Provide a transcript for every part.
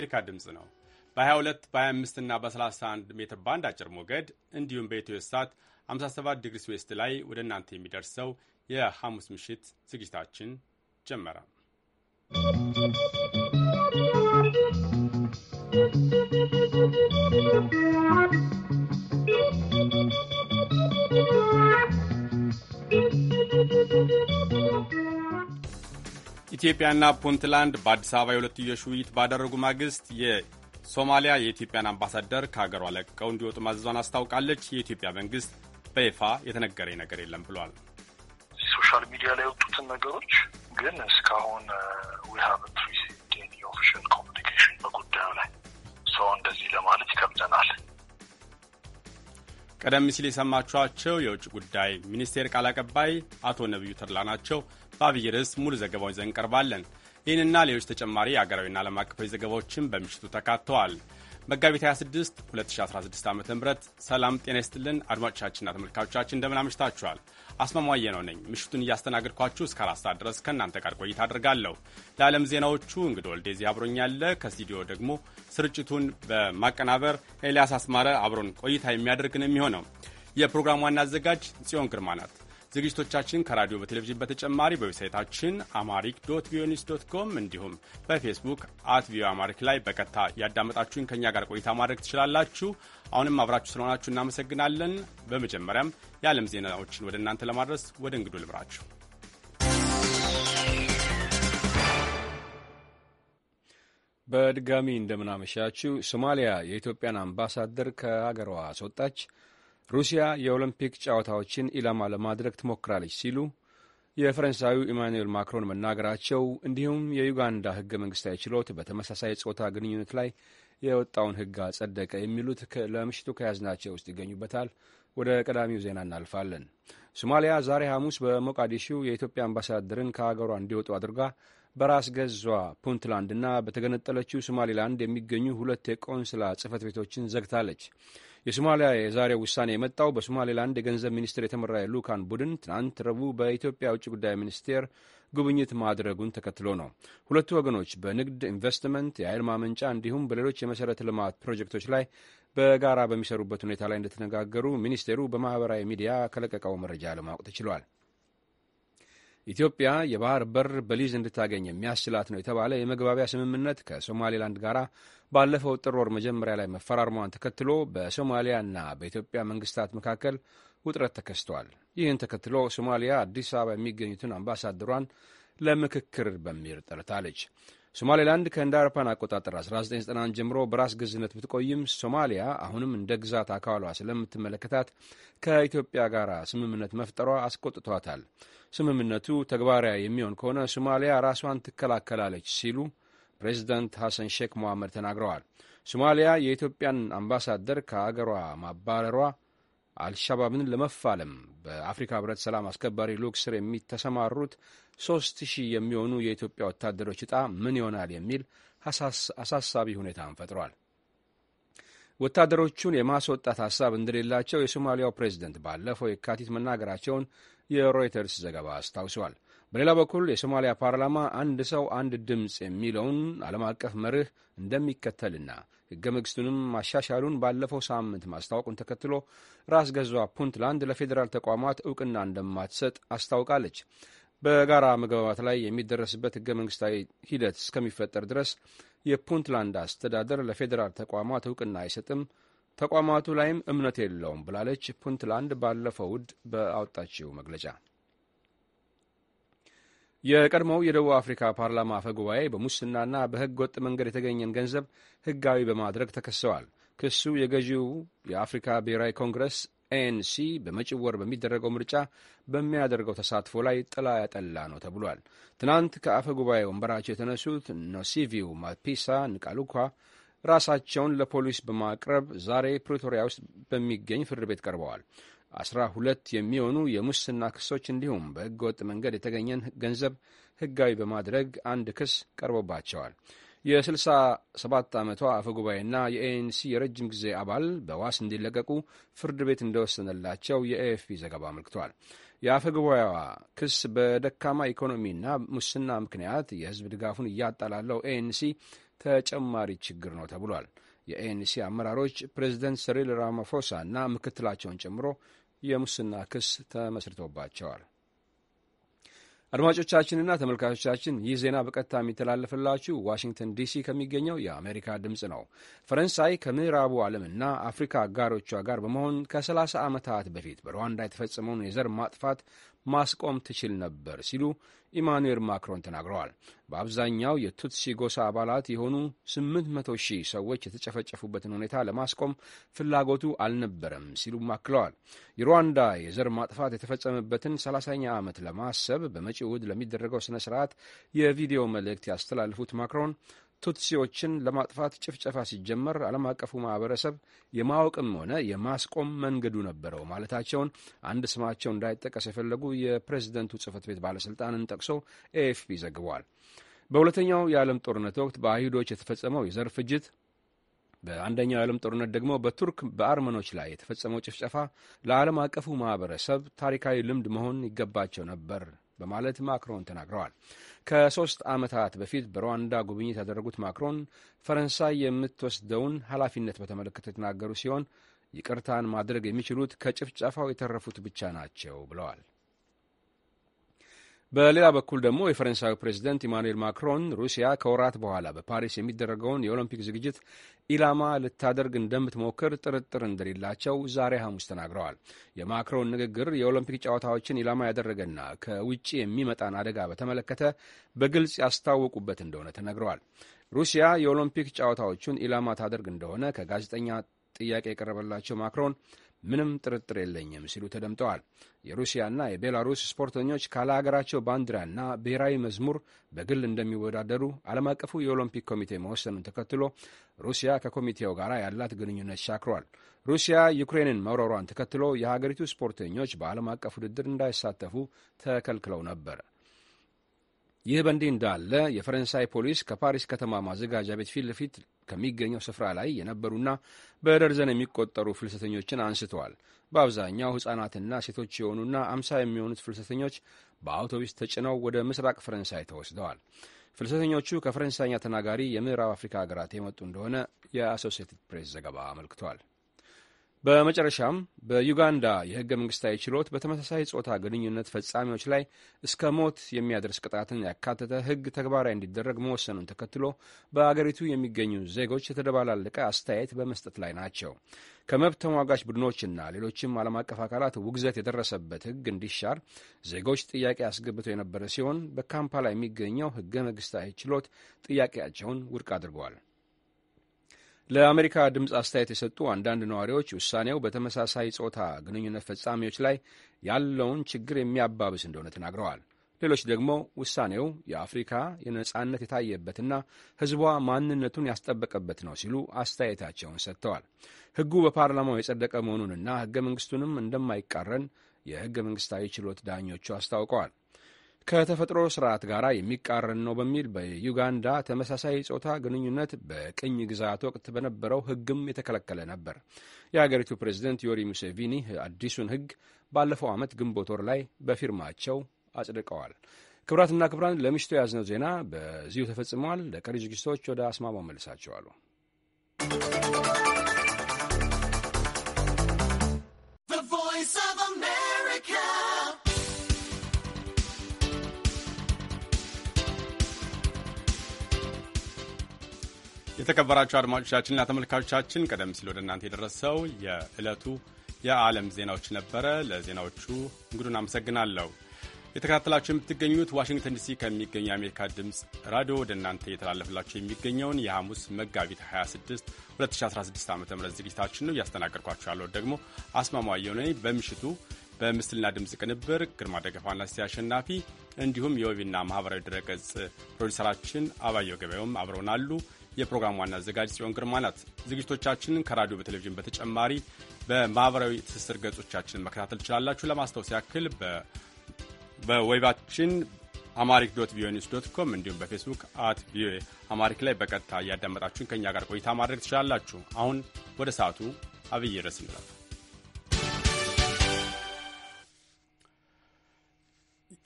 የአሜሪካ ድምፅ ነው። በ22 በ25 እና በ31 ሜትር ባንድ አጭር ሞገድ እንዲሁም በኢትዮ ሳት 57 ዲግሪስ ዌስት ላይ ወደ እናንተ የሚደርሰው የሐሙስ ምሽት ዝግጅታችን ጀመረ። ¶¶ ኢትዮጵያና ፑንትላንድ በአዲስ አበባ የሁለትዮሽ ውይይት ባደረጉ ማግስት የሶማሊያ የኢትዮጵያን አምባሳደር ከሀገሯ ለቀው እንዲወጡ ማዘዟን አስታውቃለች። የኢትዮጵያ መንግስት በይፋ የተነገረኝ ነገር የለም ብሏል። ሶሻል ሚዲያ ላይ የወጡትን ነገሮች ግን እስካሁን ዊሃብት ሪሲቭድ ኤኒ ኦፊሻል ኮሚኒኬሽን በጉዳዩ ላይ ሰው እንደዚህ ለማለት ይከብደናል። ቀደም ሲል የሰማችኋቸው የውጭ ጉዳይ ሚኒስቴር ቃል አቀባይ አቶ ነቢዩ ተድላ ናቸው። በአብይ ርዕስ ሙሉ ዘገባውን ይዘን እንቀርባለን። ይህንና ሌሎች ተጨማሪ የአገራዊና ዓለም አቀፋዊ ዘገባዎችን በምሽቱ ተካተዋል። መጋቢት 26 2016 ዓ ም ሰላም ጤና ይስጥልን አድማጮቻችንና ተመልካቾቻችን እንደምን አምሽታችኋል። አስማማየ ነው ነኝ። ምሽቱን እያስተናገድኳችሁ እስከ አራት ሰዓት ድረስ ከእናንተ ጋር ቆይታ አድርጋለሁ። ለዓለም ዜናዎቹ ወልዴ ወልዴዚ አብሮኛለ። ከስቱዲዮ ደግሞ ስርጭቱን በማቀናበር ኤልያስ አስማረ አብሮን ቆይታ የሚያደርግን የሚሆነው የፕሮግራም ዋና አዘጋጅ ጽዮን ግርማ ናት። ዝግጅቶቻችን ከራዲዮ በቴሌቪዥን በተጨማሪ በዌብሳይታችን አማሪክ ዶት ቪኦኤ ዶት ኮም እንዲሁም በፌስቡክ አት ቪኦኤ አማሪክ ላይ በቀጥታ ያዳመጣችሁን ከእኛ ጋር ቆይታ ማድረግ ትችላላችሁ። አሁንም አብራችሁ ስለሆናችሁ እናመሰግናለን። በመጀመሪያም የዓለም ዜናዎችን ወደ እናንተ ለማድረስ ወደ እንግዱ ልብራችሁ በድጋሚ እንደምናመሻችው ሶማሊያ የኢትዮጵያን አምባሳደር ከሀገሯ አስወጣች። ሩሲያ የኦሎምፒክ ጨዋታዎችን ኢላማ ለማድረግ ትሞክራለች ሲሉ የፈረንሳዩ ኢማኑኤል ማክሮን መናገራቸው እንዲሁም የዩጋንዳ ህገ መንግስታዊ ችሎት በተመሳሳይ ጾታ ግንኙነት ላይ የወጣውን ህግ አጸደቀ የሚሉት ለምሽቱ ከያዝናቸው ውስጥ ይገኙበታል። ወደ ቀዳሚው ዜና እናልፋለን። ሶማሊያ ዛሬ ሐሙስ በሞቃዲሹ የኢትዮጵያ አምባሳደርን ከሀገሯ እንዲወጡ አድርጋ በራስ ገዟ ፑንትላንድና በተገነጠለችው ሶማሊላንድ የሚገኙ ሁለት የቆንስላ ጽህፈት ቤቶችን ዘግታለች። የሶማሊያ የዛሬ ውሳኔ የመጣው በሶማሌላንድ የገንዘብ ሚኒስትር የተመራ የልዑካን ቡድን ትናንት ረቡዕ በኢትዮጵያ ውጭ ጉዳይ ሚኒስቴር ጉብኝት ማድረጉን ተከትሎ ነው። ሁለቱ ወገኖች በንግድ ኢንቨስትመንት፣ የኃይል ማመንጫ እንዲሁም በሌሎች የመሠረተ ልማት ፕሮጀክቶች ላይ በጋራ በሚሰሩበት ሁኔታ ላይ እንደተነጋገሩ ሚኒስቴሩ በማኅበራዊ ሚዲያ ከለቀቀው መረጃ ለማወቅ ተችሏል። ኢትዮጵያ የባህር በር በሊዝ እንድታገኝ የሚያስችላት ነው የተባለ የመግባቢያ ስምምነት ከሶማሌላንድ ጋር ባለፈው ጥር ወር መጀመሪያ ላይ መፈራርሟን ተከትሎ በሶማሊያና በኢትዮጵያ መንግስታት መካከል ውጥረት ተከስቷል። ይህን ተከትሎ ሶማሊያ አዲስ አበባ የሚገኙትን አምባሳደሯን ለምክክር በሚል ጠርታለች። ሶማሌላንድ ከእንደ አውሮፓን አቆጣጠር 1991 ጀምሮ በራስ ገዝነት ብትቆይም ሶማሊያ አሁንም እንደ ግዛት አካሏ ስለምትመለከታት ከኢትዮጵያ ጋር ስምምነት መፍጠሯ አስቆጥቷታል። ስምምነቱ ተግባራዊ የሚሆን ከሆነ ሶማሊያ ራሷን ትከላከላለች ሲሉ ፕሬዚዳንት ሐሰን ሼክ መሐመድ ተናግረዋል። ሶማሊያ የኢትዮጵያን አምባሳደር ከአገሯ ማባረሯ አልሻባብን ለመፋለም በአፍሪካ ህብረት ሰላም አስከባሪ ልዑክ ስር የሚተሰማሩት ሶስት ሺህ የሚሆኑ የኢትዮጵያ ወታደሮች ዕጣ ምን ይሆናል የሚል አሳሳቢ ሁኔታን ፈጥሯል። ወታደሮቹን የማስወጣት ሀሳብ እንደሌላቸው የሶማሊያው ፕሬዚደንት ባለፈው የካቲት መናገራቸውን የሮይተርስ ዘገባ አስታውሰዋል። በሌላ በኩል የሶማሊያ ፓርላማ አንድ ሰው አንድ ድምፅ የሚለውን ዓለም አቀፍ መርህ እንደሚከተልና ሕገ መንግሥቱንም ማሻሻሉን ባለፈው ሳምንት ማስታወቁን ተከትሎ ራስ ገዟ ፑንትላንድ ለፌዴራል ተቋማት እውቅና እንደማትሰጥ አስታውቃለች። በጋራ መግባባት ላይ የሚደረስበት ሕገ መንግሥታዊ ሂደት እስከሚፈጠር ድረስ የፑንትላንድ አስተዳደር ለፌዴራል ተቋማት እውቅና አይሰጥም፣ ተቋማቱ ላይም እምነት የለውም ብላለች ፑንትላንድ ባለፈው እሁድ በአወጣችው መግለጫ። የቀድሞው የደቡብ አፍሪካ ፓርላማ አፈ ጉባኤ በሙስናና በሕገ ወጥ መንገድ የተገኘን ገንዘብ ሕጋዊ በማድረግ ተከሰዋል። ክሱ የገዢው የአፍሪካ ብሔራዊ ኮንግረስ ኤንሲ በመጪው ወር በሚደረገው ምርጫ በሚያደርገው ተሳትፎ ላይ ጥላ ያጠላ ነው ተብሏል። ትናንት ከአፈ ጉባኤ ወንበራቸው የተነሱት ኖሲቪው ማፒሳ ንቃሉኳ ራሳቸውን ለፖሊስ በማቅረብ ዛሬ ፕሪቶሪያ ውስጥ በሚገኝ ፍርድ ቤት ቀርበዋል። አስራ ሁለት የሚሆኑ የሙስና ክሶች እንዲሁም በሕገ ወጥ መንገድ የተገኘን ገንዘብ ሕጋዊ በማድረግ አንድ ክስ ቀርቦባቸዋል። የ67 ዓመቷ አፈጉባኤና የኤኤንሲ የረጅም ጊዜ አባል በዋስ እንዲለቀቁ ፍርድ ቤት እንደወሰነላቸው የኤኤፍፒ ዘገባ አመልክቷል። ጉባኤዋ ክስ በደካማ ኢኮኖሚና ሙስና ምክንያት የህዝብ ድጋፉን እያጣላለው ኤኤንሲ ተጨማሪ ችግር ነው ተብሏል። የኤንሲ አመራሮች ፕሬዚደንት ሲሪል ራማፎሳ እና ምክትላቸውን ጨምሮ የሙስና ክስ ተመስርቶባቸዋል። አድማጮቻችንና ተመልካቾቻችን ይህ ዜና በቀጥታ የሚተላለፍላችሁ ዋሽንግተን ዲሲ ከሚገኘው የአሜሪካ ድምፅ ነው። ፈረንሳይ ከምዕራቡ ዓለምና አፍሪካ አጋሮቿ ጋር በመሆን ከ30 ዓመታት በፊት በሩዋንዳ የተፈጸመውን የዘር ማጥፋት ማስቆም ትችል ነበር ሲሉ ኢማኑኤል ማክሮን ተናግረዋል። በአብዛኛው የቱትሲ ጎሳ አባላት የሆኑ 800 ሺህ ሰዎች የተጨፈጨፉበትን ሁኔታ ለማስቆም ፍላጎቱ አልነበረም ሲሉ አክለዋል። የሩዋንዳ የዘር ማጥፋት የተፈጸመበትን 30ኛ ዓመት ለማሰብ በመጪ በመጪው እሁድ ለሚደረገው ስነ ስርዓት የቪዲዮ መልእክት ያስተላልፉት ማክሮን ቱትሲዎችን ለማጥፋት ጭፍጨፋ ሲጀመር ዓለም አቀፉ ማህበረሰብ የማወቅም ሆነ የማስቆም መንገዱ ነበረው ማለታቸውን አንድ ስማቸው እንዳይጠቀስ የፈለጉ የፕሬዝደንቱ ጽህፈት ቤት ባለሥልጣንን ጠቅሶ ኤኤፍፒ ዘግቧል። በሁለተኛው የዓለም ጦርነት ወቅት በአይሁዶች የተፈጸመው የዘር ፍጅት፣ በአንደኛው የዓለም ጦርነት ደግሞ በቱርክ በአርመኖች ላይ የተፈጸመው ጭፍጨፋ ለዓለም አቀፉ ማህበረሰብ ታሪካዊ ልምድ መሆን ይገባቸው ነበር በማለት ማክሮን ተናግረዋል። ከሶስት ዓመታት በፊት በሩዋንዳ ጉብኝት ያደረጉት ማክሮን ፈረንሳይ የምትወስደውን ኃላፊነት በተመለከተ የተናገሩ ሲሆን ይቅርታን ማድረግ የሚችሉት ከጭፍጨፋው የተረፉት ብቻ ናቸው ብለዋል። በሌላ በኩል ደግሞ የፈረንሳዊ ፕሬዚደንት ኢማኑኤል ማክሮን ሩሲያ ከወራት በኋላ በፓሪስ የሚደረገውን የኦሎምፒክ ዝግጅት ኢላማ ልታደርግ እንደምትሞክር ጥርጥር እንደሌላቸው ዛሬ ሐሙስ ተናግረዋል። የማክሮን ንግግር የኦሎምፒክ ጨዋታዎችን ኢላማ ያደረገና ከውጭ የሚመጣን አደጋ በተመለከተ በግልጽ ያስታወቁበት እንደሆነ ተነግረዋል። ሩሲያ የኦሎምፒክ ጨዋታዎቹን ኢላማ ታደርግ እንደሆነ ከጋዜጠኛ ጥያቄ የቀረበላቸው ማክሮን ምንም ጥርጥር የለኝም ሲሉ ተደምጠዋል። የሩሲያና የቤላሩስ ስፖርተኞች ካለ አገራቸው ባንዲራና ብሔራዊ መዝሙር በግል እንደሚወዳደሩ ዓለም አቀፉ የኦሎምፒክ ኮሚቴ መወሰኑን ተከትሎ ሩሲያ ከኮሚቴው ጋር ያላት ግንኙነት ሻክሯል። ሩሲያ ዩክሬንን መውረሯን ተከትሎ የሀገሪቱ ስፖርተኞች በዓለም አቀፍ ውድድር እንዳይሳተፉ ተከልክለው ነበር። ይህ በእንዲህ እንዳለ የፈረንሳይ ፖሊስ ከፓሪስ ከተማ ማዘጋጃ ቤት ፊት ለፊት ከሚገኘው ስፍራ ላይ የነበሩና በደርዘን የሚቆጠሩ ፍልሰተኞችን አንስተዋል። በአብዛኛው ሕፃናትና ሴቶች የሆኑና አምሳ የሚሆኑት ፍልሰተኞች በአውቶቡስ ተጭነው ወደ ምስራቅ ፈረንሳይ ተወስደዋል። ፍልሰተኞቹ ከፈረንሳይኛ ተናጋሪ የምዕራብ አፍሪካ ሀገራት የመጡ እንደሆነ የአሶሴትድ ፕሬስ ዘገባ አመልክቷል። በመጨረሻም በዩጋንዳ የህገ መንግስታዊ ችሎት በተመሳሳይ ጾታ ግንኙነት ፈጻሚዎች ላይ እስከ ሞት የሚያደርስ ቅጣትን ያካተተ ህግ ተግባራዊ እንዲደረግ መወሰኑን ተከትሎ በአገሪቱ የሚገኙ ዜጎች የተደባላለቀ አስተያየት በመስጠት ላይ ናቸው። ከመብት ተሟጋች ቡድኖችና ሌሎችም ዓለም አቀፍ አካላት ውግዘት የደረሰበት ህግ እንዲሻር ዜጎች ጥያቄ አስገብተው የነበረ ሲሆን በካምፓላ የሚገኘው ህገ መንግስታዊ ችሎት ጥያቄያቸውን ውድቅ አድርገዋል። ለአሜሪካ ድምፅ አስተያየት የሰጡ አንዳንድ ነዋሪዎች ውሳኔው በተመሳሳይ ጾታ ግንኙነት ፈጻሚዎች ላይ ያለውን ችግር የሚያባብስ እንደሆነ ተናግረዋል። ሌሎች ደግሞ ውሳኔው የአፍሪካ የነጻነት የታየበትና ሕዝቧ ማንነቱን ያስጠበቀበት ነው ሲሉ አስተያየታቸውን ሰጥተዋል። ሕጉ በፓርላማው የጸደቀ መሆኑንና ሕገ መንግስቱንም እንደማይቃረን የሕገ መንግስታዊ ችሎት ዳኞቹ አስታውቀዋል። ከተፈጥሮ ስርዓት ጋር የሚቃረን ነው በሚል በዩጋንዳ ተመሳሳይ ጾታ ግንኙነት በቅኝ ግዛት ወቅት በነበረው ሕግም የተከለከለ ነበር። የሀገሪቱ ፕሬዚደንት ዮሪ ሙሴቪኒ አዲሱን ሕግ ባለፈው ዓመት ግንቦት ወር ላይ በፊርማቸው አጽድቀዋል። ክብራትና ክብራን ለምሽቱ የያዝነው ዜና በዚሁ ተፈጽመዋል። ለቀሪ ዝግጅቶች ወደ አስማማው መልሳቸዋሉ። የተከበራችሁ አድማጮቻችንና ተመልካቾቻችን ቀደም ሲል ወደ እናንተ የደረሰው የዕለቱ የዓለም ዜናዎች ነበረ። ለዜናዎቹ እንግዱን አመሰግናለሁ። የተከታተላችሁ የምትገኙት ዋሽንግተን ዲሲ ከሚገኝ የአሜሪካ ድምፅ ራዲዮ ወደ እናንተ እየተላለፈላቸው የሚገኘውን የሐሙስ መጋቢት 26 2016 ዓ ም ዝግጅታችን ነው። እያስተናገድኳችሁ ያለው ደግሞ አስማማየሁ ነኝ። በምሽቱ በምስልና ድምፅ ቅንብር ግርማ ደገፋና ሲሳይ አሸናፊ እንዲሁም የወቢና ማህበራዊ ድረገጽ ፕሮዲሰራችን አባየው ገበያውም አብረውናሉ። የፕሮግራም ዋና አዘጋጅ ጽዮን ግርማ ናት። ዝግጅቶቻችንን ከራዲዮ በቴሌቪዥን በተጨማሪ በማኅበራዊ ትስስር ገጾቻችንን መከታተል ትችላላችሁ። ለማስታወስ ያክል በዌባችን አማሪክ ዶት ቪኦኤ ኒውስ ዶት ኮም እንዲሁም በፌስቡክ አት ቪኦኤ አማሪክ ላይ በቀጥታ እያዳመጣችሁን ከእኛ ጋር ቆይታ ማድረግ ትችላላችሁ። አሁን ወደ ሰዓቱ አብይ ርዕስ እንለፍ።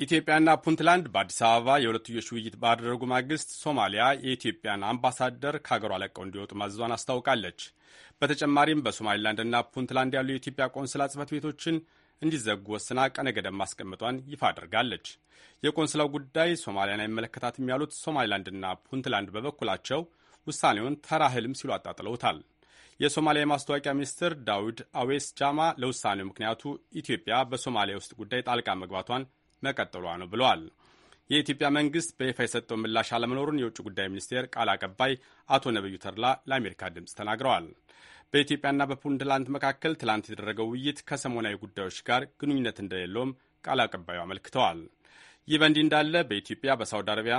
ኢትዮጵያና ፑንትላንድ በአዲስ አበባ የሁለትዮሽ ውይይት ባደረጉ ማግስት ሶማሊያ የኢትዮጵያን አምባሳደር ከሀገሯ ለቀው እንዲወጡ ማዘዟን አስታውቃለች። በተጨማሪም በሶማሊላንድና ፑንትላንድ ያሉ የኢትዮጵያ ቆንስላ ጽፈት ቤቶችን እንዲዘጉ ወስና ቀነ ገደብ ማስቀምጧን ይፋ አድርጋለች። የቆንስላው ጉዳይ ሶማሊያን አይመለከታትም ያሉት ሶማሊላንድና ፑንትላንድ በበኩላቸው ውሳኔውን ተራ ህልም ሲሉ አጣጥለውታል። የሶማሊያ የማስታወቂያ ሚኒስትር ዳዊድ አዌስ ጃማ ለውሳኔው ምክንያቱ ኢትዮጵያ በሶማሊያ ውስጥ ጉዳይ ጣልቃ መግባቷን መቀጠሏ ነው ብለዋል። የኢትዮጵያ መንግስት በይፋ የሰጠው ምላሽ አለመኖሩን የውጭ ጉዳይ ሚኒስቴር ቃል አቀባይ አቶ ነብዩ ተድላ ለአሜሪካ ድምፅ ተናግረዋል። በኢትዮጵያና በፑንትላንድ መካከል ትላንት የተደረገው ውይይት ከሰሞናዊ ጉዳዮች ጋር ግንኙነት እንደሌለውም ቃል አቀባዩ አመልክተዋል። ይህ በእንዲህ እንዳለ በኢትዮጵያ በሳውዲ አረቢያ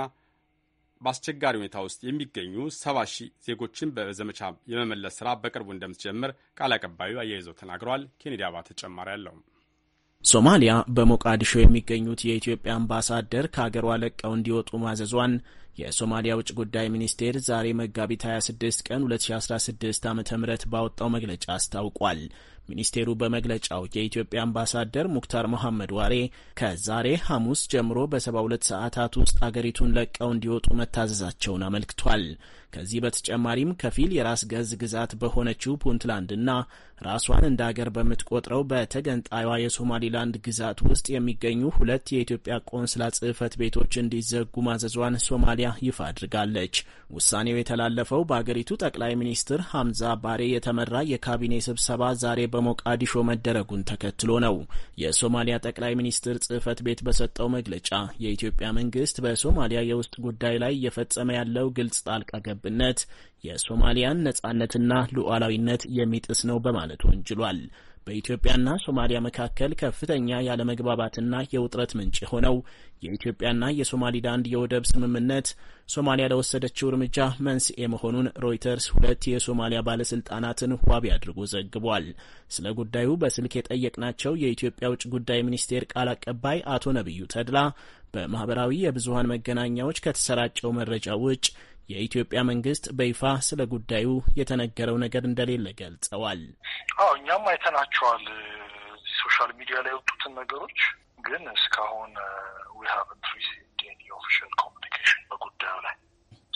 በአስቸጋሪ ሁኔታ ውስጥ የሚገኙ ሰባ ሺህ ዜጎችን በዘመቻ የመመለስ ስራ በቅርቡ እንደምትጀምር ቃል አቀባዩ አያይዘው ተናግረዋል። ኬኔዲ አባ ተጨማሪ አለው። ሶማሊያ በሞቃዲሾ የሚገኙት የኢትዮጵያ አምባሳደር ከሀገሯ ለቀው እንዲወጡ ማዘዟን የሶማሊያ ውጭ ጉዳይ ሚኒስቴር ዛሬ መጋቢት 26 ቀን 2016 ዓ ም ባወጣው መግለጫ አስታውቋል። ሚኒስቴሩ በመግለጫው የኢትዮጵያ አምባሳደር ሙክታር መሐመድ ዋሬ ከዛሬ ሐሙስ ጀምሮ በ72 ሰዓታት ውስጥ አገሪቱን ለቀው እንዲወጡ መታዘዛቸውን አመልክቷል። ከዚህ በተጨማሪም ከፊል የራስ ገዝ ግዛት በሆነችው ፑንትላንድና ራሷን እንደ አገር በምትቆጥረው በተገንጣይዋ የሶማሊላንድ ግዛት ውስጥ የሚገኙ ሁለት የኢትዮጵያ ቆንስላ ጽህፈት ቤቶች እንዲዘጉ ማዘዟን ሶማሊያ ማብራሪያ ይፋ አድርጋለች። ውሳኔው የተላለፈው በአገሪቱ ጠቅላይ ሚኒስትር ሐምዛ ባሬ የተመራ የካቢኔ ስብሰባ ዛሬ በሞቃዲሾ መደረጉን ተከትሎ ነው። የሶማሊያ ጠቅላይ ሚኒስትር ጽህፈት ቤት በሰጠው መግለጫ የኢትዮጵያ መንግስት በሶማሊያ የውስጥ ጉዳይ ላይ እየፈጸመ ያለው ግልጽ ጣልቃ ገብነት የሶማሊያን ነጻነትና ሉዓላዊነት የሚጥስ ነው በማለት ወንጅሏል። በኢትዮጵያና ሶማሊያ መካከል ከፍተኛ ያለመግባባትና የውጥረት ምንጭ የሆነው የኢትዮጵያና የሶማሊላንድ የወደብ ስምምነት ሶማሊያ ለወሰደችው እርምጃ መንስኤ መሆኑን ሮይተርስ ሁለት የሶማሊያ ባለስልጣናትን ዋቢ አድርጎ ዘግቧል። ስለ ጉዳዩ በስልክ የጠየቅናቸው የኢትዮጵያ ውጭ ጉዳይ ሚኒስቴር ቃል አቀባይ አቶ ነቢዩ ተድላ በማህበራዊ የብዙሀን መገናኛዎች ከተሰራጨው መረጃ ውጭ የኢትዮጵያ መንግስት በይፋ ስለ ጉዳዩ የተነገረው ነገር እንደሌለ ገልጸዋል። አዎ እኛም አይተናቸዋል ሶሻል ሚዲያ ላይ የወጡትን ነገሮች ግን እስካሁን ዊ ሪሲቭድ ኤኒ ኦፊሻል ኮሚኒኬሽን በጉዳዩ ላይ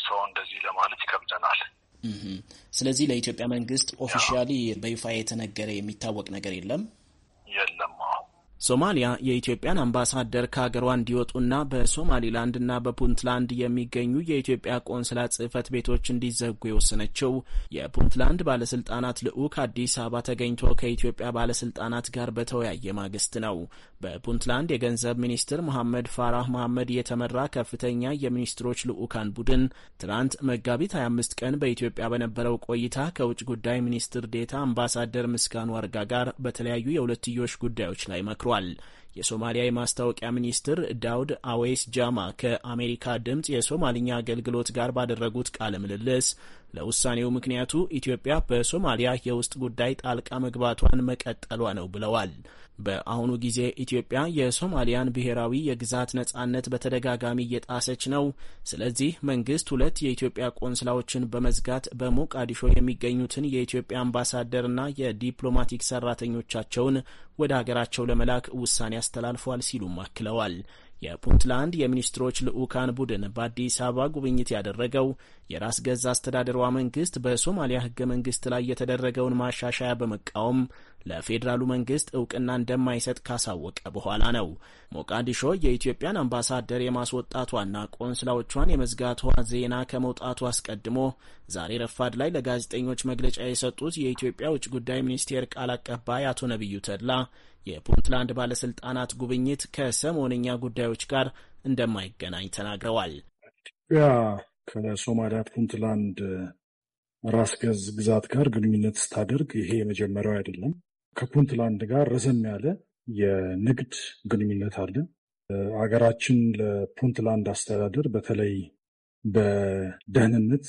ሰው እንደዚህ ለማለት ይከብደናል። ስለዚህ ለኢትዮጵያ መንግስት ኦፊሻሊ በይፋ የተነገረ የሚታወቅ ነገር የለም። ሶማሊያ የኢትዮጵያን አምባሳደር ከሀገሯ እንዲወጡና በሶማሊላንድና በፑንትላንድ የሚገኙ የኢትዮጵያ ቆንስላ ጽህፈት ቤቶች እንዲዘጉ የወሰነችው የፑንትላንድ ባለስልጣናት ልዑክ አዲስ አበባ ተገኝቶ ከኢትዮጵያ ባለስልጣናት ጋር በተወያየ ማግስት ነው። በፑንትላንድ የገንዘብ ሚኒስትር መሐመድ ፋራህ መሐመድ የተመራ ከፍተኛ የሚኒስትሮች ልዑካን ቡድን ትናንት መጋቢት 25 ቀን በኢትዮጵያ በነበረው ቆይታ ከውጭ ጉዳይ ሚኒስትር ዴታ አምባሳደር ምስጋኑ አርጋ ጋር በተለያዩ የሁለትዮሽ ጉዳዮች ላይ መክሯል። የሶማሊያ የማስታወቂያ ሚኒስትር ዳውድ አዌስ ጃማ ከአሜሪካ ድምፅ የሶማልኛ አገልግሎት ጋር ባደረጉት ቃለ ምልልስ ለውሳኔው ምክንያቱ ኢትዮጵያ በሶማሊያ የውስጥ ጉዳይ ጣልቃ መግባቷን መቀጠሏ ነው ብለዋል። በአሁኑ ጊዜ ኢትዮጵያ የሶማሊያን ብሔራዊ የግዛት ነጻነት በተደጋጋሚ እየጣሰች ነው። ስለዚህ መንግስት ሁለት የኢትዮጵያ ቆንስላዎችን በመዝጋት በሞቃዲሾ የሚገኙትን የኢትዮጵያ አምባሳደርና የዲፕሎማቲክ ሰራተኞቻቸውን ወደ ሀገራቸው ለመላክ ውሳኔ አስተላልፏል ሲሉም አክለዋል። የፑንትላንድ የሚኒስትሮች ልዑካን ቡድን በአዲስ አበባ ጉብኝት ያደረገው የራስ ገዛ አስተዳደሯ መንግስት በሶማሊያ ህገ መንግስት ላይ የተደረገውን ማሻሻያ በመቃወም ለፌዴራሉ መንግስት እውቅና እንደማይሰጥ ካሳወቀ በኋላ ነው። ሞቃዲሾ የኢትዮጵያን አምባሳደር የማስወጣቷና ቆንስላዎቿን የመዝጋቷ ዜና ከመውጣቱ አስቀድሞ ዛሬ ረፋድ ላይ ለጋዜጠኞች መግለጫ የሰጡት የኢትዮጵያ ውጭ ጉዳይ ሚኒስቴር ቃል አቀባይ አቶ ነቢዩ ተድላ የፑንትላንድ ባለስልጣናት ጉብኝት ከሰሞነኛ ጉዳዮች ጋር እንደማይገናኝ ተናግረዋል። ኢትዮጵያ ከሶማሊያ ፑንትላንድ ራስ ገዝ ግዛት ጋር ግንኙነት ስታደርግ ይሄ የመጀመሪያው አይደለም። ከፑንትላንድ ጋር ረዘም ያለ የንግድ ግንኙነት አለ። አገራችን ለፑንትላንድ አስተዳደር በተለይ በደህንነት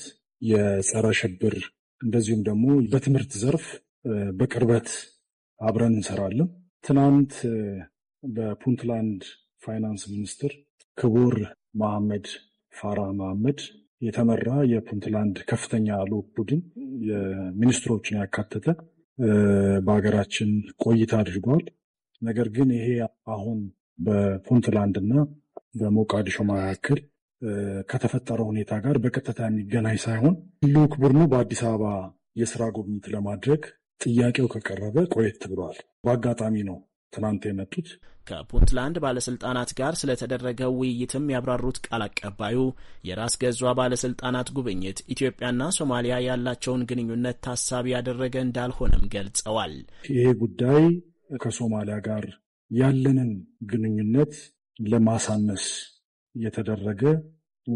የጸረ ሽብር እንደዚሁም ደግሞ በትምህርት ዘርፍ በቅርበት አብረን እንሰራለን። ትናንት በፑንትላንድ ፋይናንስ ሚኒስትር ክቡር መሐመድ ፋራ መሐመድ የተመራ የፑንትላንድ ከፍተኛ ልዑክ ቡድን የሚኒስትሮችን ያካተተ በሀገራችን ቆይታ አድርጓል። ነገር ግን ይሄ አሁን በፑንትላንድ እና በሞቃዲሾ መካከል ከተፈጠረው ሁኔታ ጋር በቀጥታ የሚገናኝ ሳይሆን ልዑክ ቡድኑ በአዲስ አበባ የስራ ጉብኝት ለማድረግ ጥያቄው ከቀረበ ቆየት ብሏል። በአጋጣሚ ነው ትናንት የመጡት። ከፑንትላንድ ባለስልጣናት ጋር ስለተደረገው ውይይትም ያብራሩት ቃል አቀባዩ የራስ ገዟ ባለስልጣናት ጉብኝት ኢትዮጵያና ሶማሊያ ያላቸውን ግንኙነት ታሳቢ ያደረገ እንዳልሆነም ገልጸዋል። ይሄ ጉዳይ ከሶማሊያ ጋር ያለንን ግንኙነት ለማሳነስ የተደረገ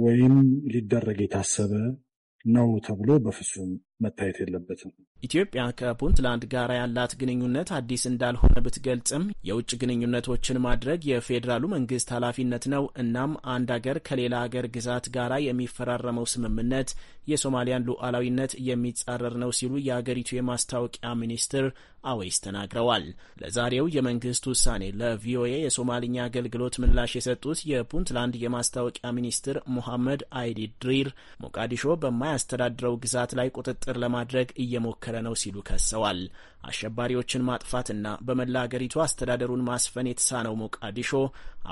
ወይም ሊደረግ የታሰበ ነው ተብሎ በፍጹም መታየት የለበትም። ኢትዮጵያ ከፑንትላንድ ጋር ያላት ግንኙነት አዲስ እንዳልሆነ ብትገልጽም የውጭ ግንኙነቶችን ማድረግ የፌዴራሉ መንግስት ኃላፊነት ነው። እናም አንድ አገር ከሌላ አገር ግዛት ጋር የሚፈራረመው ስምምነት የሶማሊያን ሉዓላዊነት የሚጻረር ነው ሲሉ የአገሪቱ የማስታወቂያ ሚኒስትር አወይስ ተናግረዋል። ለዛሬው የመንግስት ውሳኔ ለቪኦኤ የሶማልኛ አገልግሎት ምላሽ የሰጡት የፑንትላንድ የማስታወቂያ ሚኒስትር ሙሐመድ አይዲ ድሪር ሞቃዲሾ በማያስተዳድረው ግዛት ላይ ቁጥጥር ለማድረግ እየሞከ እየተሞከረ ነው ሲሉ ከሰዋል። አሸባሪዎችን ማጥፋትና በመላ አገሪቱ አስተዳደሩን ማስፈን የተሳነው ሞቃዲሾ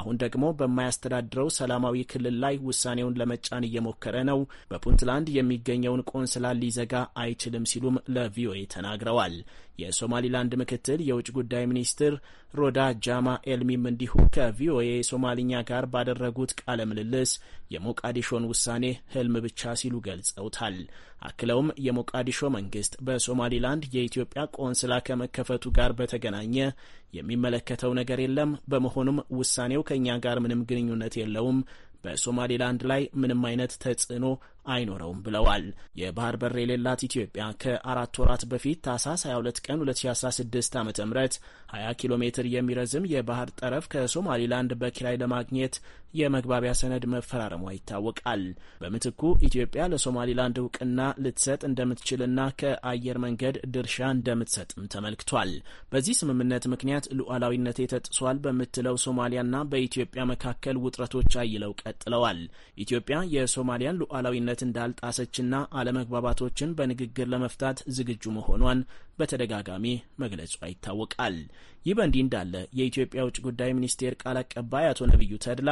አሁን ደግሞ በማያስተዳድረው ሰላማዊ ክልል ላይ ውሳኔውን ለመጫን እየሞከረ ነው። በፑንትላንድ የሚገኘውን ቆንስላ ሊዘጋ አይችልም ሲሉም ለቪኦኤ ተናግረዋል። የሶማሊላንድ ምክትል የውጭ ጉዳይ ሚኒስትር ሮዳ ጃማ ኤልሚም እንዲሁ ከቪኦኤ ሶማሊኛ ጋር ባደረጉት ቃለ ምልልስ የሞቃዲሾን ውሳኔ ህልም ብቻ ሲሉ ገልጸውታል። አክለውም የሞቃዲሾ መንግስት በሶማሊላንድ የኢትዮጵያ ቆንስላ ከመከፈቱ ጋር በተገናኘ የሚመለከተው ነገር የለም፣ በመሆኑም ውሳኔው ከእኛ ጋር ምንም ግንኙነት የለውም በሶማሌላንድ ላይ ምንም አይነት ተጽዕኖ አይኖረውም ብለዋል። የባህር በር የሌላት ኢትዮጵያ ከአራት ወራት በፊት ታህሳስ 22 ቀን 2016 ዓ ም 20 ኪሎ ሜትር የሚረዝም የባህር ጠረፍ ከሶማሌላንድ በኪራይ ለማግኘት የመግባቢያ ሰነድ መፈራረሟ ይታወቃል። በምትኩ ኢትዮጵያ ለሶማሊላንድ እውቅና ልትሰጥ እንደምትችልና ከአየር መንገድ ድርሻ እንደምትሰጥም ተመልክቷል። በዚህ ስምምነት ምክንያት ሉዓላዊነቴ ተጥሷል በምትለው ሶማሊያና በኢትዮጵያ መካከል ውጥረቶች አይለው ቀጥለዋል። ኢትዮጵያ የሶማሊያን ሉዓላዊነት እንዳልጣሰችና አለመግባባቶችን በንግግር ለመፍታት ዝግጁ መሆኗን በተደጋጋሚ መግለጿ ይታወቃል። ይህ በእንዲህ እንዳለ የኢትዮጵያ ውጭ ጉዳይ ሚኒስቴር ቃል አቀባይ አቶ ነቢዩ ተድላ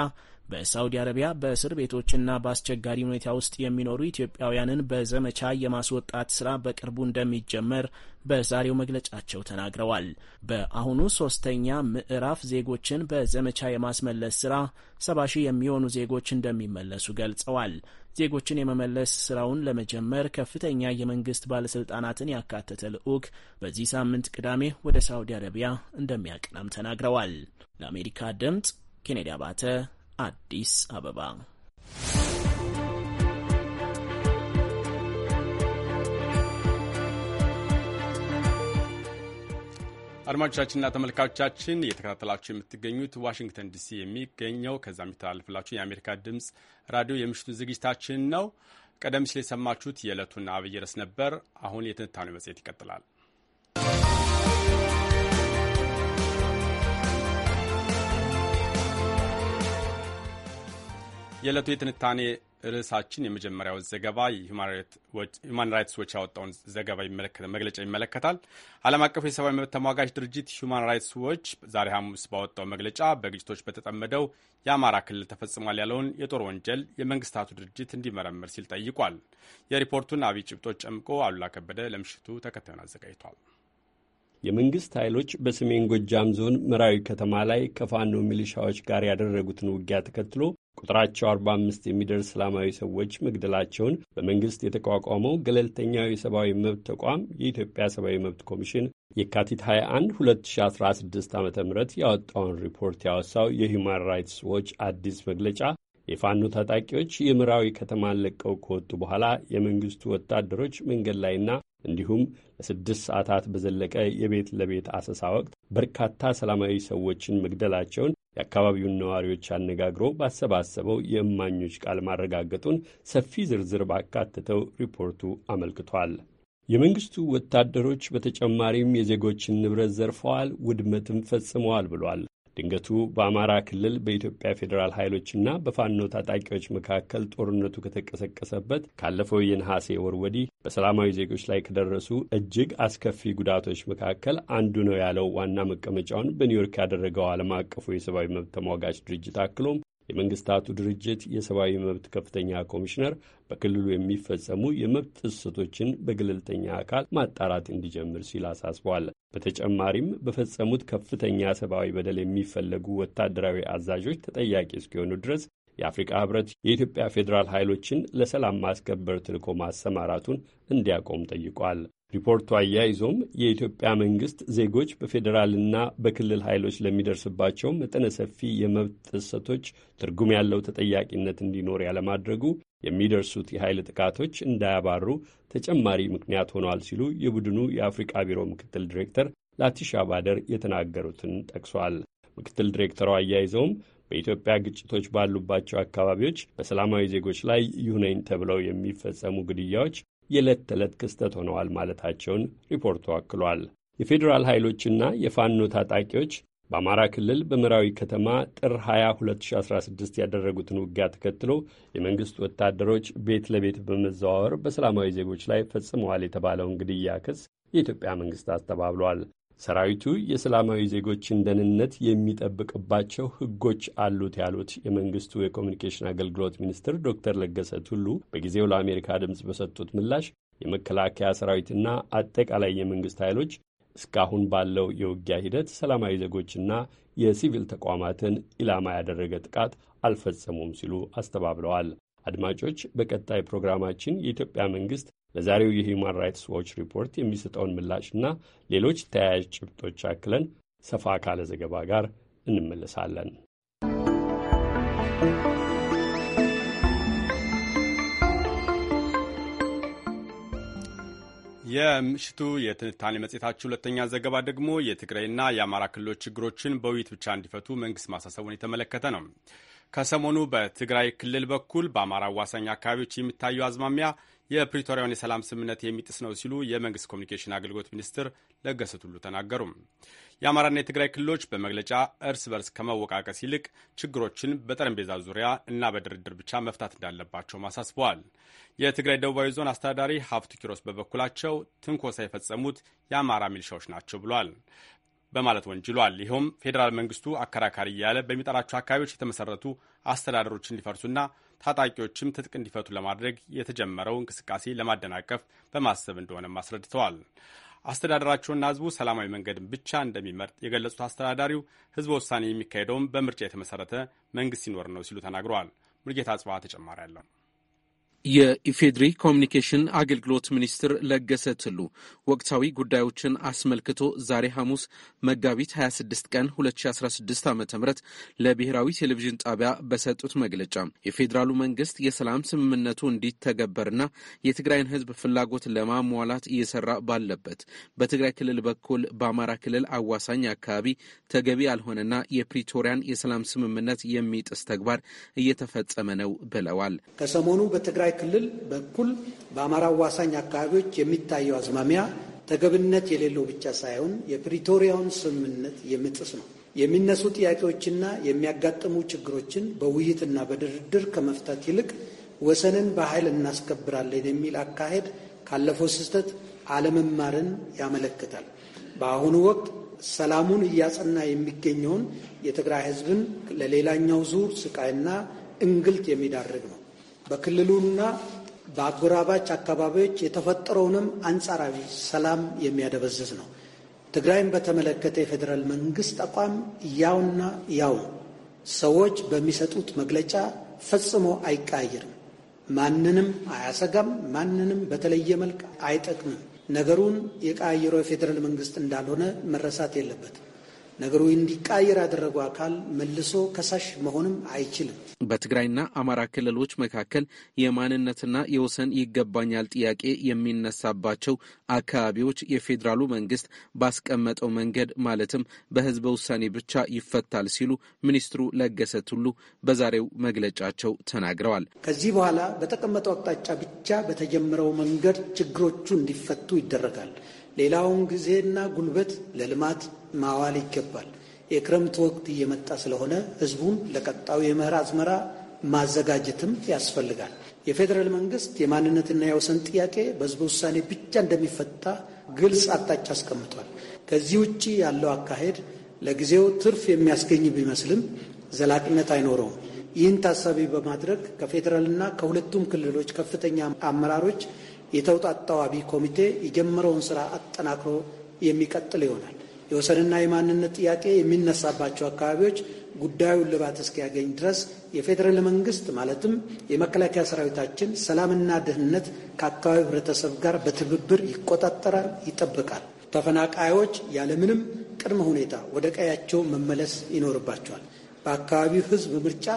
በሳውዲ አረቢያ በእስር ቤቶችና በአስቸጋሪ ሁኔታ ውስጥ የሚኖሩ ኢትዮጵያውያንን በዘመቻ የማስወጣት ስራ በቅርቡ እንደሚጀመር በዛሬው መግለጫቸው ተናግረዋል። በአሁኑ ሶስተኛ ምዕራፍ ዜጎችን በዘመቻ የማስመለስ ስራ ሰባ ሺህ የሚሆኑ ዜጎች እንደሚመለሱ ገልጸዋል። ዜጎችን የመመለስ ስራውን ለመጀመር ከፍተኛ የመንግስት ባለስልጣናትን ያካተተ ልዑክ በዚህ ሳምንት ቅዳሜ ወደ ሳውዲ አረቢያ እንደሚያቀናም ተናግረዋል። ለአሜሪካ ድምጽ ኬኔዲ አባተ አዲስ አበባ። አድማጮቻችንና ተመልካቾቻችን እየተከታተላችሁ የምትገኙት ዋሽንግተን ዲሲ የሚገኘው ከዛ የሚተላልፍላችሁ የአሜሪካ ድምፅ ራዲዮ የምሽቱን ዝግጅታችን ነው። ቀደም ሲል የሰማችሁት የዕለቱን አብይ ርዕስ ነበር። አሁን የትንታኔው መጽሔት ይቀጥላል። የዕለቱ የትንታኔ ርዕሳችን የመጀመሪያው ዘገባ ሁማን ራይትስ ዎች ያወጣውን ዘገባ መግለጫ ይመለከታል። ዓለም አቀፉ የሰብአዊ መብት ተሟጋች ድርጅት ሁማን ራይትስ ዎች ዛሬ ሐሙስ ባወጣው መግለጫ በግጭቶች በተጠመደው የአማራ ክልል ተፈጽሟል ያለውን የጦር ወንጀል የመንግስታቱ ድርጅት እንዲመረምር ሲል ጠይቋል። የሪፖርቱን አብይ ጭብጦች ጨምቆ አሉላ ከበደ ለምሽቱ ተከታዩን አዘጋጅቷል። የመንግስት ኃይሎች በሰሜን ጎጃም ዞን መራዊ ከተማ ላይ ከፋኖ ሚሊሻዎች ጋር ያደረጉትን ውጊያ ተከትሎ ቁጥራቸው አርባ የሚደርስ ሰላማዊ ሰዎች መግደላቸውን በመንግስት የተቋቋመው ገለልተኛው የሰብአዊ መብት ተቋም የኢትዮጵያ ሰብአዊ መብት ኮሚሽን የካቲት 21 2016 ዓ ም ያወጣውን ሪፖርት ያወሳው የሂውማን ራይትስ ዎች አዲስ መግለጫ የፋኖ ታጣቂዎች የምራዊ ከተማን ለቀው ከወጡ በኋላ የመንግስቱ ወታደሮች መንገድ ላይና እንዲሁም ለስድስት ሰዓታት በዘለቀ የቤት ለቤት አሰሳ ወቅት በርካታ ሰላማዊ ሰዎችን መግደላቸውን የአካባቢውን ነዋሪዎች አነጋግሮ ባሰባሰበው የእማኞች ቃል ማረጋገጡን ሰፊ ዝርዝር ባካተተው ሪፖርቱ አመልክቷል። የመንግስቱ ወታደሮች በተጨማሪም የዜጎችን ንብረት ዘርፈዋል፣ ውድመትም ፈጽመዋል ብሏል። ድንገቱ በአማራ ክልል በኢትዮጵያ ፌዴራል ኃይሎችና በፋኖ ታጣቂዎች መካከል ጦርነቱ ከተቀሰቀሰበት ካለፈው የነሐሴ ወር ወዲህ በሰላማዊ ዜጎች ላይ ከደረሱ እጅግ አስከፊ ጉዳቶች መካከል አንዱ ነው ያለው ዋና መቀመጫውን በኒውዮርክ ያደረገው ዓለም አቀፉ የሰብአዊ መብት ተሟጋች ድርጅት አክሎም የመንግስታቱ ድርጅት የሰብአዊ መብት ከፍተኛ ኮሚሽነር በክልሉ የሚፈጸሙ የመብት ጥሰቶችን በገለልተኛ አካል ማጣራት እንዲጀምር ሲል አሳስቧል። በተጨማሪም በፈጸሙት ከፍተኛ ሰብአዊ በደል የሚፈለጉ ወታደራዊ አዛዦች ተጠያቂ እስኪሆኑ ድረስ የአፍሪካ ህብረት የኢትዮጵያ ፌዴራል ኃይሎችን ለሰላም ማስከበር ትልኮ ማሰማራቱን እንዲያቆም ጠይቋል። ሪፖርቱ አያይዞም የኢትዮጵያ መንግስት ዜጎች በፌዴራልና በክልል ኃይሎች ለሚደርስባቸው መጠነ ሰፊ የመብት ጥሰቶች ትርጉም ያለው ተጠያቂነት እንዲኖር ያለማድረጉ የሚደርሱት የኃይል ጥቃቶች እንዳያባሩ ተጨማሪ ምክንያት ሆኗል ሲሉ የቡድኑ የአፍሪቃ ቢሮ ምክትል ዲሬክተር ላቲሻ ባደር የተናገሩትን ጠቅሷል። ምክትል ዲሬክተሯ አያይዘውም በኢትዮጵያ ግጭቶች ባሉባቸው አካባቢዎች በሰላማዊ ዜጎች ላይ ይሁነኝ ተብለው የሚፈጸሙ ግድያዎች የዕለት ተዕለት ክስተት ሆነዋል ማለታቸውን ሪፖርቱ አክሏል። የፌዴራል ኃይሎችና የፋኖ ታጣቂዎች በአማራ ክልል በምዕራዊ ከተማ ጥር 20 2016 ያደረጉትን ውጊያ ተከትሎ የመንግሥት ወታደሮች ቤት ለቤት በመዘዋወር በሰላማዊ ዜጎች ላይ ፈጽመዋል የተባለውን ግድያ ክስ የኢትዮጵያ መንግሥት አስተባብሏል። ሰራዊቱ የሰላማዊ ዜጎችን ደህንነት የሚጠብቅባቸው ህጎች አሉት ያሉት የመንግስቱ የኮሚኒኬሽን አገልግሎት ሚኒስትር ዶክተር ለገሰ ቱሉ በጊዜው ለአሜሪካ ድምፅ በሰጡት ምላሽ የመከላከያ ሰራዊትና አጠቃላይ የመንግስት ኃይሎች እስካሁን ባለው የውጊያ ሂደት ሰላማዊ ዜጎችና የሲቪል ተቋማትን ኢላማ ያደረገ ጥቃት አልፈጸሙም ሲሉ አስተባብለዋል። አድማጮች፣ በቀጣይ ፕሮግራማችን የኢትዮጵያ መንግስት ለዛሬው የሂውማን ራይትስ ዎች ሪፖርት የሚሰጠውን ምላሽና ሌሎች ተያያዥ ጭብጦች አክለን ሰፋ ካለ ዘገባ ጋር እንመለሳለን። የምሽቱ የትንታኔ መጽሔታችን ሁለተኛ ዘገባ ደግሞ የትግራይና የአማራ ክልሎች ችግሮችን በውይይት ብቻ እንዲፈቱ መንግስት ማሳሰቡን የተመለከተ ነው። ከሰሞኑ በትግራይ ክልል በኩል በአማራ አዋሳኝ አካባቢዎች የሚታየው አዝማሚያ የፕሪቶሪያውን የሰላም ስምምነት የሚጥስ ነው ሲሉ የመንግስት ኮሚኒኬሽን አገልግሎት ሚኒስትር ለገሰ ቱሉ ተናገሩ። የአማራና የትግራይ ክልሎች በመግለጫ እርስ በርስ ከመወቃቀስ ይልቅ ችግሮችን በጠረጴዛ ዙሪያ እና በድርድር ብቻ መፍታት እንዳለባቸውም አሳስበዋል። የትግራይ ደቡባዊ ዞን አስተዳዳሪ ሀፍቱ ኪሮስ በበኩላቸው ትንኮሳ የፈጸሙት የአማራ ሚሊሻዎች ናቸው ብሏል በማለት ወንጅሏል። ይኸውም ፌዴራል መንግስቱ አከራካሪ እያለ በሚጠራቸው አካባቢዎች የተመሰረቱ አስተዳደሮች እንዲፈርሱና ታጣቂዎችም ትጥቅ እንዲፈቱ ለማድረግ የተጀመረው እንቅስቃሴ ለማደናቀፍ በማሰብ እንደሆነም አስረድተዋል። አስተዳደራቸውና ህዝቡ ሰላማዊ መንገድን ብቻ እንደሚመርጥ የገለጹት አስተዳዳሪው ህዝበ ውሳኔ የሚካሄደውም በምርጫ የተመሰረተ መንግስት ሲኖር ነው ሲሉ ተናግረዋል። ሙልጌታ ጽባ ተጨማሪ አለው። የኢፌዴሪ ኮሚኒኬሽን አገልግሎት ሚኒስትር ለገሰ ትሉ ወቅታዊ ጉዳዮችን አስመልክቶ ዛሬ ሐሙስ መጋቢት 26 ቀን 2016 ዓ ም ለብሔራዊ ቴሌቪዥን ጣቢያ በሰጡት መግለጫ የፌዴራሉ መንግስት የሰላም ስምምነቱ እንዲተገበርና የትግራይን ህዝብ ፍላጎት ለማሟላት እየሰራ ባለበት በትግራይ ክልል በኩል በአማራ ክልል አዋሳኝ አካባቢ ተገቢ ያልሆነና የፕሪቶሪያን የሰላም ስምምነት የሚጥስ ተግባር እየተፈጸመ ነው ብለዋል። ከሰሞኑ በትግራይ በትግራይ ክልል በኩል በአማራ አዋሳኝ አካባቢዎች የሚታየው አዝማሚያ ተገብነት የሌለው ብቻ ሳይሆን የፕሪቶሪያውን ስምምነት የሚጥስ ነው። የሚነሱ ጥያቄዎችና የሚያጋጥሙ ችግሮችን በውይይትና በድርድር ከመፍታት ይልቅ ወሰንን በኃይል እናስከብራለን የሚል አካሄድ ካለፈው ስህተት አለመማርን ያመለክታል። በአሁኑ ወቅት ሰላሙን እያጸና የሚገኘውን የትግራይ ሕዝብን ለሌላኛው ዙር ስቃይና እንግልት የሚዳርግ ነው። በክልሉና በአጎራባች አካባቢዎች የተፈጠረውንም አንጻራዊ ሰላም የሚያደበዝዝ ነው። ትግራይን በተመለከተ የፌዴራል መንግስት አቋም ያውና ያው ሰዎች በሚሰጡት መግለጫ ፈጽሞ አይቀያየርም። ማንንም አያሰጋም፣ ማንንም በተለየ መልክ አይጠቅምም። ነገሩን የቀያየረው የፌዴራል መንግስት እንዳልሆነ መረሳት የለበትም። ነገሩ እንዲቃየር ያደረገው አካል መልሶ ከሳሽ መሆንም አይችልም። በትግራይና አማራ ክልሎች መካከል የማንነትና የወሰን ይገባኛል ጥያቄ የሚነሳባቸው አካባቢዎች የፌዴራሉ መንግስት ባስቀመጠው መንገድ ማለትም በህዝበ ውሳኔ ብቻ ይፈታል ሲሉ ሚኒስትሩ ለገሰ ቱሉ በዛሬው መግለጫቸው ተናግረዋል። ከዚህ በኋላ በተቀመጠው አቅጣጫ ብቻ በተጀመረው መንገድ ችግሮቹ እንዲፈቱ ይደረጋል። ሌላውን ጊዜና ጉልበት ለልማት ማዋል ይገባል። የክረምት ወቅት እየመጣ ስለሆነ ህዝቡን ለቀጣዩ የመኸር አዝመራ ማዘጋጀትም ያስፈልጋል። የፌዴራል መንግስት የማንነትና የወሰን ጥያቄ በህዝበ ውሳኔ ብቻ እንደሚፈታ ግልጽ አቅጣጫ አስቀምጧል። ከዚህ ውጭ ያለው አካሄድ ለጊዜው ትርፍ የሚያስገኝ ቢመስልም ዘላቂነት አይኖረውም። ይህን ታሳቢ በማድረግ ከፌዴራልና ከሁለቱም ክልሎች ከፍተኛ አመራሮች የተውጣጣው አብይ ኮሚቴ የጀመረውን ስራ አጠናክሮ የሚቀጥል ይሆናል። የወሰንና የማንነት ጥያቄ የሚነሳባቸው አካባቢዎች ጉዳዩን ልባት እስኪያገኝ ድረስ የፌዴራል መንግስት ማለትም የመከላከያ ሰራዊታችን ሰላምና ደህንነት ከአካባቢው ህብረተሰብ ጋር በትብብር ይቆጣጠራል፣ ይጠብቃል። ተፈናቃዮች ያለምንም ቅድመ ሁኔታ ወደ ቀያቸው መመለስ ይኖርባቸዋል። በአካባቢው ህዝብ ምርጫ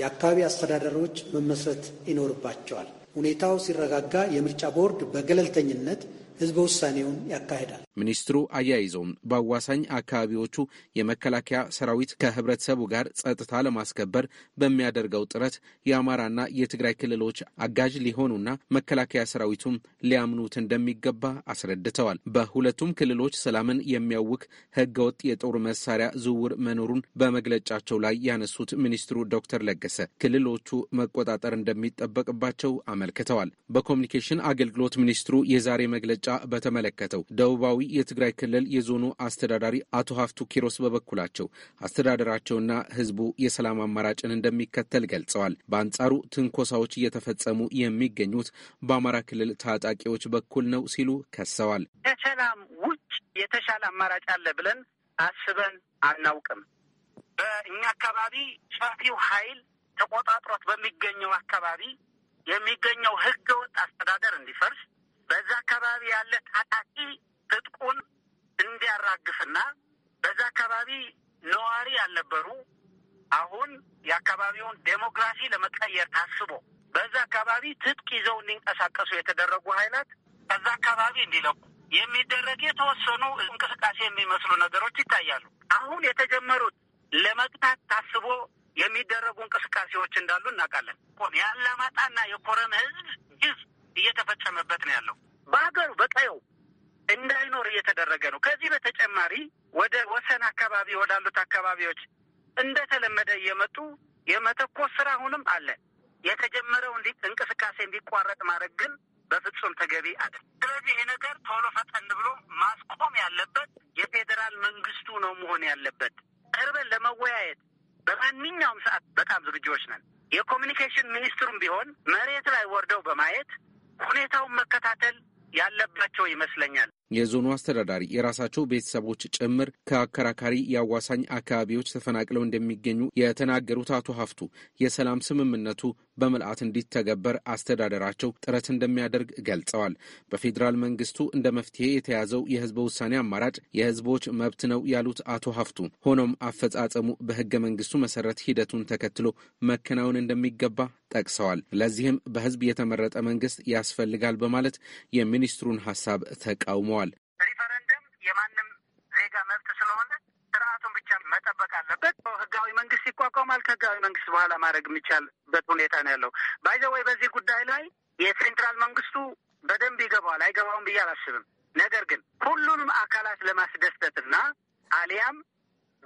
የአካባቢ አስተዳደሮች መመስረት ይኖርባቸዋል። ሁኔታው ሲረጋጋ የምርጫ ቦርድ በገለልተኝነት ህዝበ ውሳኔውን ያካሄዳል። ሚኒስትሩ አያይዘውም በአዋሳኝ አካባቢዎቹ የመከላከያ ሰራዊት ከህብረተሰቡ ጋር ጸጥታ ለማስከበር በሚያደርገው ጥረት የአማራና የትግራይ ክልሎች አጋዥ ሊሆኑና መከላከያ ሰራዊቱም ሊያምኑት እንደሚገባ አስረድተዋል። በሁለቱም ክልሎች ሰላምን የሚያውክ ህገወጥ የጦር መሳሪያ ዝውውር መኖሩን በመግለጫቸው ላይ ያነሱት ሚኒስትሩ ዶክተር ለገሰ ክልሎቹ መቆጣጠር እንደሚጠበቅባቸው አመልክተዋል። በኮሚኒኬሽን አገልግሎት ሚኒስትሩ የዛሬ መግለጫ ምርጫ በተመለከተው ደቡባዊ የትግራይ ክልል የዞኑ አስተዳዳሪ አቶ ሀፍቱ ኪሮስ በበኩላቸው አስተዳደራቸውና ህዝቡ የሰላም አማራጭን እንደሚከተል ገልጸዋል። በአንጻሩ ትንኮሳዎች እየተፈጸሙ የሚገኙት በአማራ ክልል ታጣቂዎች በኩል ነው ሲሉ ከሰዋል። ከሰላም ውጭ የተሻለ አማራጭ አለ ብለን አስበን አናውቅም። በእኛ አካባቢ ጸፊው ኃይል ተቆጣጥሮት በሚገኘው አካባቢ የሚገኘው ህገ ወጥ አስተዳደር እንዲፈርስ በዛ አካባቢ ያለ ታጣቂ ትጥቁን እንዲያራግፍና በዛ አካባቢ ነዋሪ ያልነበሩ አሁን የአካባቢውን ዴሞክራሲ ለመቀየር ታስቦ በዛ አካባቢ ትጥቅ ይዘው እንዲንቀሳቀሱ የተደረጉ ኃይላት በዛ አካባቢ እንዲለቁ የሚደረግ የተወሰኑ እንቅስቃሴ የሚመስሉ ነገሮች ይታያሉ። አሁን የተጀመሩት ለመቅጣት ታስቦ የሚደረጉ እንቅስቃሴዎች እንዳሉ እናውቃለን። የአላማጣና የኮረም ህዝብ ህዝብ እየተፈጸመበት ነው ያለው። በሀገሩ በቀየው እንዳይኖር እየተደረገ ነው። ከዚህ በተጨማሪ ወደ ወሰን አካባቢ ወዳሉት አካባቢዎች እንደተለመደ እየመጡ የመተኮስ ስራ አሁንም አለ። የተጀመረው እንዲ እንቅስቃሴ እንዲቋረጥ ማድረግ ግን በፍጹም ተገቢ አለ። ስለዚህ ይህ ነገር ቶሎ ፈጠን ብሎ ማስቆም ያለበት የፌዴራል መንግስቱ ነው መሆን ያለበት። ቅርበን ለመወያየት በማንኛውም ሰዓት በጣም ዝግጆች ነን። የኮሚኒኬሽን ሚኒስትሩም ቢሆን መሬት ላይ ወርደው በማየት ሁኔታውን መከታተል ያለባቸው ይመስለኛል። የዞኑ አስተዳዳሪ የራሳቸው ቤተሰቦች ጭምር ከአከራካሪ የአዋሳኝ አካባቢዎች ተፈናቅለው እንደሚገኙ የተናገሩት አቶ ሀፍቱ የሰላም ስምምነቱ በምልአት እንዲተገበር አስተዳደራቸው ጥረት እንደሚያደርግ ገልጸዋል። በፌዴራል መንግስቱ እንደ መፍትሄ የተያዘው የህዝበ ውሳኔ አማራጭ የህዝቦች መብት ነው ያሉት አቶ ሀፍቱ፣ ሆኖም አፈጻጸሙ በህገ መንግስቱ መሰረት ሂደቱን ተከትሎ መከናወን እንደሚገባ ጠቅሰዋል። ለዚህም በህዝብ የተመረጠ መንግስት ያስፈልጋል በማለት የሚኒስትሩን ሀሳብ ተቃውመዋል። ያለበት ህጋዊ መንግስት ይቋቋማል። ከህጋዊ መንግስት በኋላ ማድረግ የሚቻልበት ሁኔታ ነው ያለው። ባይዘ ወይ በዚህ ጉዳይ ላይ የሴንትራል መንግስቱ በደንብ ይገባዋል። አይገባውም ብዬ አላስብም። ነገር ግን ሁሉንም አካላት ለማስደሰትና አሊያም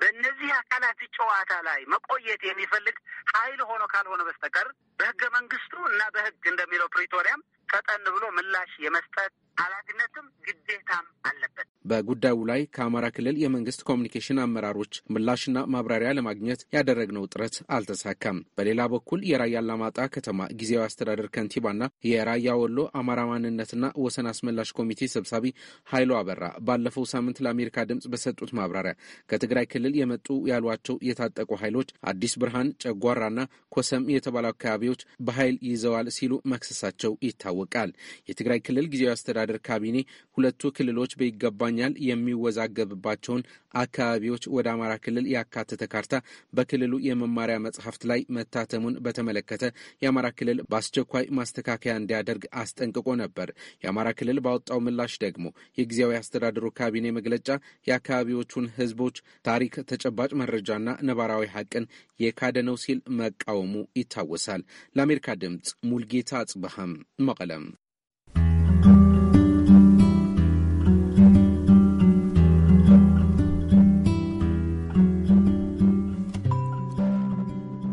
በእነዚህ አካላት ጨዋታ ላይ መቆየት የሚፈልግ ሀይል ሆኖ ካልሆነ በስተቀር በህገ መንግስቱ እና በህግ እንደሚለው ፕሪቶሪያም ፈጠን ብሎ ምላሽ የመስጠት ኃላፊነትም ግዴታም አለበት። በጉዳዩ ላይ ከአማራ ክልል የመንግስት ኮሚኒኬሽን አመራሮች ምላሽና ማብራሪያ ለማግኘት ያደረግነው ጥረት አልተሳካም። በሌላ በኩል የራያ አላማጣ ከተማ ጊዜያዊ አስተዳደር ከንቲባና የራያ ወሎ አማራ ማንነትና ወሰን አስመላሽ ኮሚቴ ሰብሳቢ ኃይሉ አበራ ባለፈው ሳምንት ለአሜሪካ ድምፅ በሰጡት ማብራሪያ ከትግራይ ክልል የመጡ ያሏቸው የታጠቁ ኃይሎች አዲስ ብርሃን፣ ጨጓራና ኮሰም የተባሉ አካባቢዎች በኃይል ይዘዋል ሲሉ መክሰሳቸው ይታወቃል። ይታወቃል። የትግራይ ክልል ጊዜያዊ አስተዳደር ካቢኔ ሁለቱ ክልሎች በይገባኛል የሚወዛገብባቸውን አካባቢዎች ወደ አማራ ክልል ያካተተ ካርታ በክልሉ የመማሪያ መጽሐፍት ላይ መታተሙን በተመለከተ የአማራ ክልል በአስቸኳይ ማስተካከያ እንዲያደርግ አስጠንቅቆ ነበር። የአማራ ክልል ባወጣው ምላሽ ደግሞ የጊዜያዊ አስተዳደሩ ካቢኔ መግለጫ የአካባቢዎቹን ሕዝቦች ታሪክ፣ ተጨባጭ መረጃና ነባራዊ ሀቅን የካደ ነው ሲል መቃወሙ ይታወሳል። ለአሜሪካ ድምፅ ሙልጌታ አጽበሃም መቀለ አልቻለም።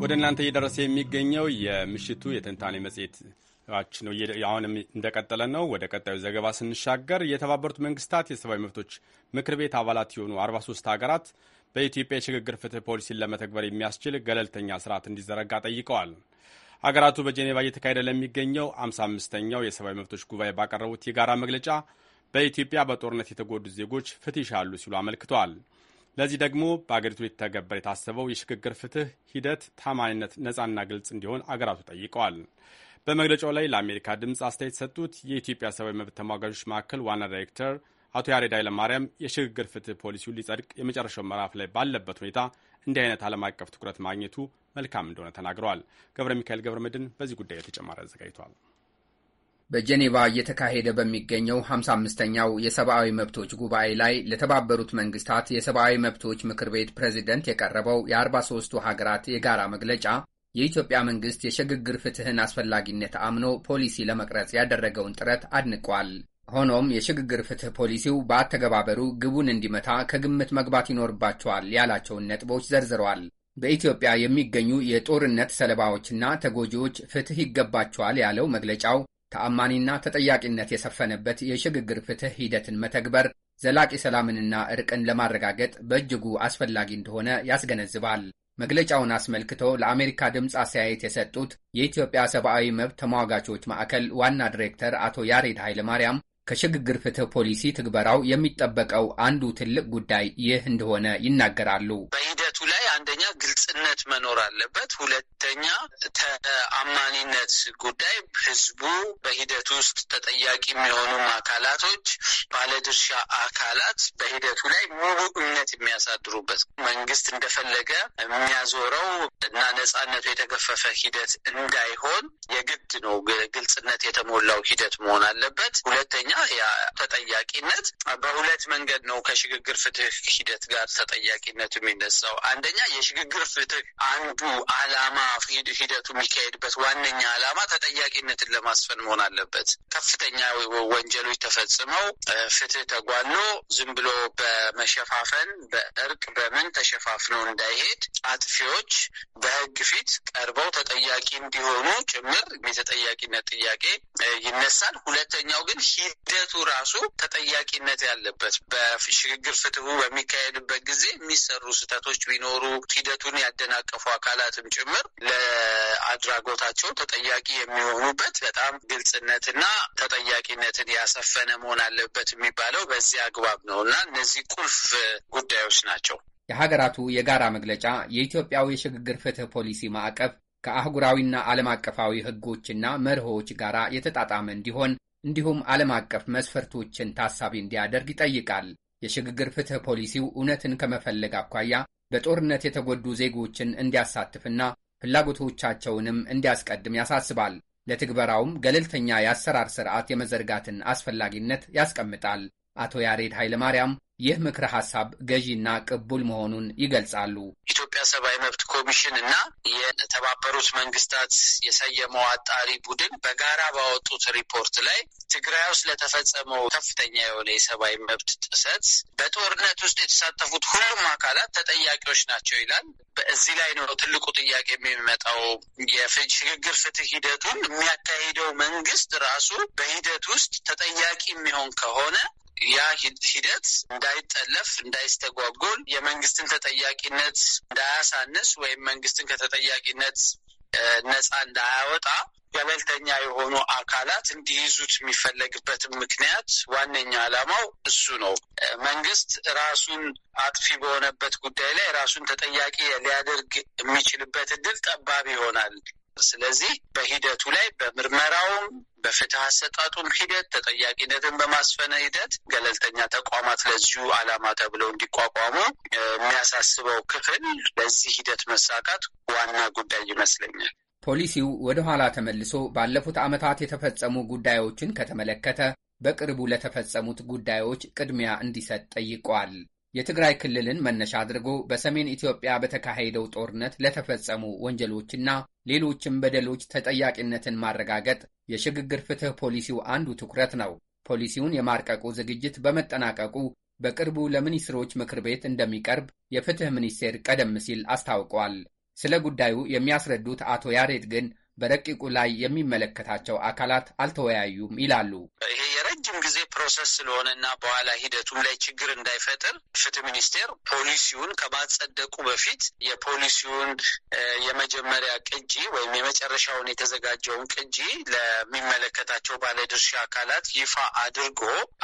ወደ እናንተ እየደረሰ የሚገኘው የምሽቱ የትንታኔ መጽሔት ች ነው። አሁንም እንደቀጠለ ነው። ወደ ቀጣዩ ዘገባ ስንሻገር የተባበሩት መንግስታት የሰብአዊ መብቶች ምክር ቤት አባላት የሆኑ 43 ሀገራት በኢትዮጵያ የሽግግር ፍትህ ፖሊሲን ለመተግበር የሚያስችል ገለልተኛ ስርዓት እንዲዘረጋ ጠይቀዋል። ሀገራቱ በጄኔቫ እየተካሄደ ለሚገኘው 55ኛው የሰብአዊ መብቶች ጉባኤ ባቀረቡት የጋራ መግለጫ በኢትዮጵያ በጦርነት የተጎዱ ዜጎች ፍትህ ይሻሉ ሲሉ አመልክተዋል። ለዚህ ደግሞ በአገሪቱ ሊተገበር የታሰበው የሽግግር ፍትህ ሂደት ታማኝነት፣ ነፃና ግልጽ እንዲሆን አገራቱ ጠይቀዋል። በመግለጫው ላይ ለአሜሪካ ድምፅ አስተያየት የሰጡት የኢትዮጵያ ሰብአዊ መብት ተሟጋቾች ማዕከል ዋና ዳይሬክተር አቶ ያሬድ ኃይለማርያም የሽግግር ፍትህ ፖሊሲውን ሊጸድቅ የመጨረሻው ምዕራፍ ላይ ባለበት ሁኔታ እንዲህ አይነት ዓለም አቀፍ ትኩረት ማግኘቱ መልካም እንደሆነ ተናግረዋል። ገብረ ሚካኤል ገብረ መድን በዚህ ጉዳይ የተጨማሪ አዘጋጅቷል። በጄኔቫ እየተካሄደ በሚገኘው 55ኛው የሰብአዊ መብቶች ጉባኤ ላይ ለተባበሩት መንግስታት የሰብአዊ መብቶች ምክር ቤት ፕሬዚደንት የቀረበው የ43ቱ ሀገራት የጋራ መግለጫ የኢትዮጵያ መንግስት የሽግግር ፍትህን አስፈላጊነት አምኖ ፖሊሲ ለመቅረጽ ያደረገውን ጥረት አድንቋል። ሆኖም የሽግግር ፍትህ ፖሊሲው በአተገባበሩ ግቡን እንዲመታ ከግምት መግባት ይኖርባቸዋል ያላቸውን ነጥቦች ዘርዝረዋል። በኢትዮጵያ የሚገኙ የጦርነት ሰለባዎችና ተጎጂዎች ፍትህ ይገባቸዋል ያለው መግለጫው ተአማኒና ተጠያቂነት የሰፈነበት የሽግግር ፍትህ ሂደትን መተግበር ዘላቂ ሰላምንና እርቅን ለማረጋገጥ በእጅጉ አስፈላጊ እንደሆነ ያስገነዝባል። መግለጫውን አስመልክቶ ለአሜሪካ ድምፅ አስተያየት የሰጡት የኢትዮጵያ ሰብአዊ መብት ተሟጋቾች ማዕከል ዋና ዲሬክተር አቶ ያሬድ ኃይለማርያም ከሽግግር ፍትህ ፖሊሲ ትግበራው የሚጠበቀው አንዱ ትልቅ ጉዳይ ይህ እንደሆነ ይናገራሉ። በሂደቱ ላይ አንደኛ ግልጽነት መኖር አለበት። ሁለተኛ ተአማኒነት ጉዳይ ህዝቡ በሂደቱ ውስጥ ተጠያቂ የሚሆኑም አካላቶች፣ ባለድርሻ አካላት በሂደቱ ላይ ሙሉ እምነት የሚያሳድሩበት መንግስት እንደፈለገ የሚያዞረው እና ነጻነቱ የተገፈፈ ሂደት እንዳይሆን የግድ ነው ግልጽነት የተሞላው ሂደት መሆን አለበት። ሁለተኛ ተጠያቂነት በሁለት መንገድ ነው ከሽግግር ፍትህ ሂደት ጋር ተጠያቂነት የሚነሳው። አንደኛ የሽግግር ፍትህ አንዱ አላማ ሂደቱ የሚካሄድበት ዋነኛ አላማ ተጠያቂነትን ለማስፈን መሆን አለበት። ከፍተኛ ወንጀሎች ተፈጽመው ፍትህ ተጓሎ ዝም ብሎ በመሸፋፈን በእርቅ በምን ተሸፋፍነው እንዳይሄድ አጥፊዎች በህግ ፊት ቀርበው ተጠያቂ እንዲሆኑ ጭምር የተጠያቂነት ጥያቄ ይነሳል። ሁለተኛው ግን ሂደቱ ራሱ ተጠያቂነት ያለበት በሽግግር ፍትሁ በሚካሄድበት ጊዜ የሚሰሩ ስህተቶች ቢኖሩ ሂደቱን ያደናቀፉ አካላትም ጭምር ለአድራጎታቸው ተጠያቂ የሚሆኑበት በጣም ግልጽነትና ተጠያቂነትን ያሰፈነ መሆን አለበት የሚባለው በዚህ አግባብ ነው እና እነዚህ ቁልፍ ጉዳዮች ናቸው። የሀገራቱ የጋራ መግለጫ የኢትዮጵያው የሽግግር ፍትህ ፖሊሲ ማዕቀፍ ከአህጉራዊና ዓለም አቀፋዊ ሕጎችና መርሆዎች ጋር የተጣጣመ እንዲሆን እንዲሁም ዓለም አቀፍ መስፈርቶችን ታሳቢ እንዲያደርግ ይጠይቃል። የሽግግር ፍትህ ፖሊሲው እውነትን ከመፈለግ አኳያ በጦርነት የተጎዱ ዜጎችን እንዲያሳትፍና ፍላጎቶቻቸውንም እንዲያስቀድም ያሳስባል። ለትግበራውም ገለልተኛ የአሰራር ስርዓት የመዘርጋትን አስፈላጊነት ያስቀምጣል። አቶ ያሬድ ኃይለማርያም ይህ ምክረ ሀሳብ ገዢና ቅቡል መሆኑን ይገልጻሉ። ኢትዮጵያ ሰብአዊ መብት ኮሚሽን እና የተባበሩት መንግስታት የሰየመው አጣሪ ቡድን በጋራ ባወጡት ሪፖርት ላይ ትግራይ ውስጥ ለተፈጸመው ከፍተኛ የሆነ የሰብአዊ መብት ጥሰት በጦርነት ውስጥ የተሳተፉት ሁሉም አካላት ተጠያቂዎች ናቸው ይላል። በዚህ ላይ ነው ትልቁ ጥያቄ የሚመጣው። የሽግግር ፍትህ ሂደቱን የሚያካሂደው መንግስት ራሱ በሂደት ውስጥ ተጠያቂ የሚሆን ከሆነ ያ ሂደት እንዳይጠለፍ፣ እንዳይስተጓጎል የመንግስትን ተጠያቂነት እንዳያሳንስ ወይም መንግስትን ከተጠያቂነት ነፃ እንዳያወጣ ገለልተኛ የሆኑ አካላት እንዲይዙት የሚፈለግበትም ምክንያት ዋነኛ ዓላማው እሱ ነው። መንግስት ራሱን አጥፊ በሆነበት ጉዳይ ላይ ራሱን ተጠያቂ ሊያደርግ የሚችልበት እድል ጠባብ ይሆናል። ስለዚህ በሂደቱ ላይ በምርመራውም በፍትህ አሰጣጡም ሂደት ተጠያቂነትን በማስፈነ ሂደት ገለልተኛ ተቋማት ለዚሁ ዓላማ ተብለው እንዲቋቋሙ የሚያሳስበው ክፍል ለዚህ ሂደት መሳካት ዋና ጉዳይ ይመስለኛል። ፖሊሲው ወደ ኋላ ተመልሶ ባለፉት ዓመታት የተፈጸሙ ጉዳዮችን ከተመለከተ በቅርቡ ለተፈጸሙት ጉዳዮች ቅድሚያ እንዲሰጥ ጠይቋል። የትግራይ ክልልን መነሻ አድርጎ በሰሜን ኢትዮጵያ በተካሄደው ጦርነት ለተፈጸሙ ወንጀሎችና ሌሎችም በደሎች ተጠያቂነትን ማረጋገጥ የሽግግር ፍትህ ፖሊሲው አንዱ ትኩረት ነው። ፖሊሲውን የማርቀቁ ዝግጅት በመጠናቀቁ በቅርቡ ለሚኒስትሮች ምክር ቤት እንደሚቀርብ የፍትህ ሚኒስቴር ቀደም ሲል አስታውቋል። ስለ ጉዳዩ የሚያስረዱት አቶ ያሬድ ግን በረቂቁ ላይ የሚመለከታቸው አካላት አልተወያዩም ይላሉ። ይሄ የረጅም ጊዜ ፕሮሰስ ስለሆነ እና በኋላ ሂደቱም ላይ ችግር እንዳይፈጥር ፍትህ ሚኒስቴር ፖሊሲውን ከማጸደቁ በፊት የፖሊሲውን የመጀመሪያ ቅጂ ወይም የመጨረሻውን የተዘጋጀውን ቅጂ ለሚመለከታቸው ባለድርሻ አካላት ይፋ አድርጎ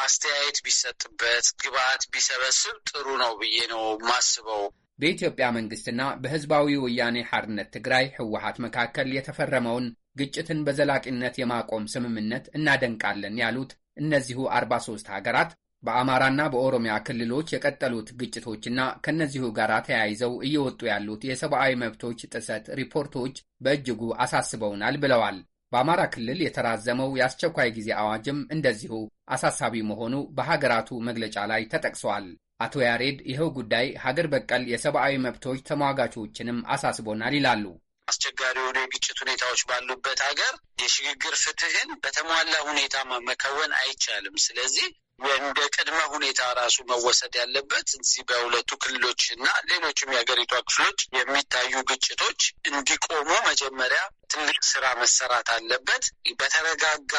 አስተያየት ቢሰጥበት ግብአት ቢሰበስብ ጥሩ ነው ብዬ ነው ማስበው። በኢትዮጵያ መንግስትና በህዝባዊ ወያኔ ሐርነት ትግራይ ህወሓት መካከል የተፈረመውን ግጭትን በዘላቂነት የማቆም ስምምነት እናደንቃለን ያሉት እነዚሁ 43 ሀገራት በአማራና በኦሮሚያ ክልሎች የቀጠሉት ግጭቶችና ከእነዚሁ ጋር ተያይዘው እየወጡ ያሉት የሰብአዊ መብቶች ጥሰት ሪፖርቶች በእጅጉ አሳስበውናል ብለዋል። በአማራ ክልል የተራዘመው የአስቸኳይ ጊዜ አዋጅም እንደዚሁ አሳሳቢ መሆኑ በሀገራቱ መግለጫ ላይ ተጠቅሷል። አቶ ያሬድ ይኸው ጉዳይ ሀገር በቀል የሰብአዊ መብቶች ተሟጋቾችንም አሳስቦናል ይላሉ። አስቸጋሪ የሆኑ የግጭት ሁኔታዎች ባሉበት ሀገር የሽግግር ፍትህን በተሟላ ሁኔታ መከወን አይቻልም። ስለዚህ እንደ ቅድመ ሁኔታ ራሱ መወሰድ ያለበት እዚህ በሁለቱ ክልሎች እና ሌሎችም የሀገሪቷ ክፍሎች የሚታዩ ግጭቶች እንዲቆሙ መጀመሪያ ትልቅ ስራ መሰራት አለበት። በተረጋጋ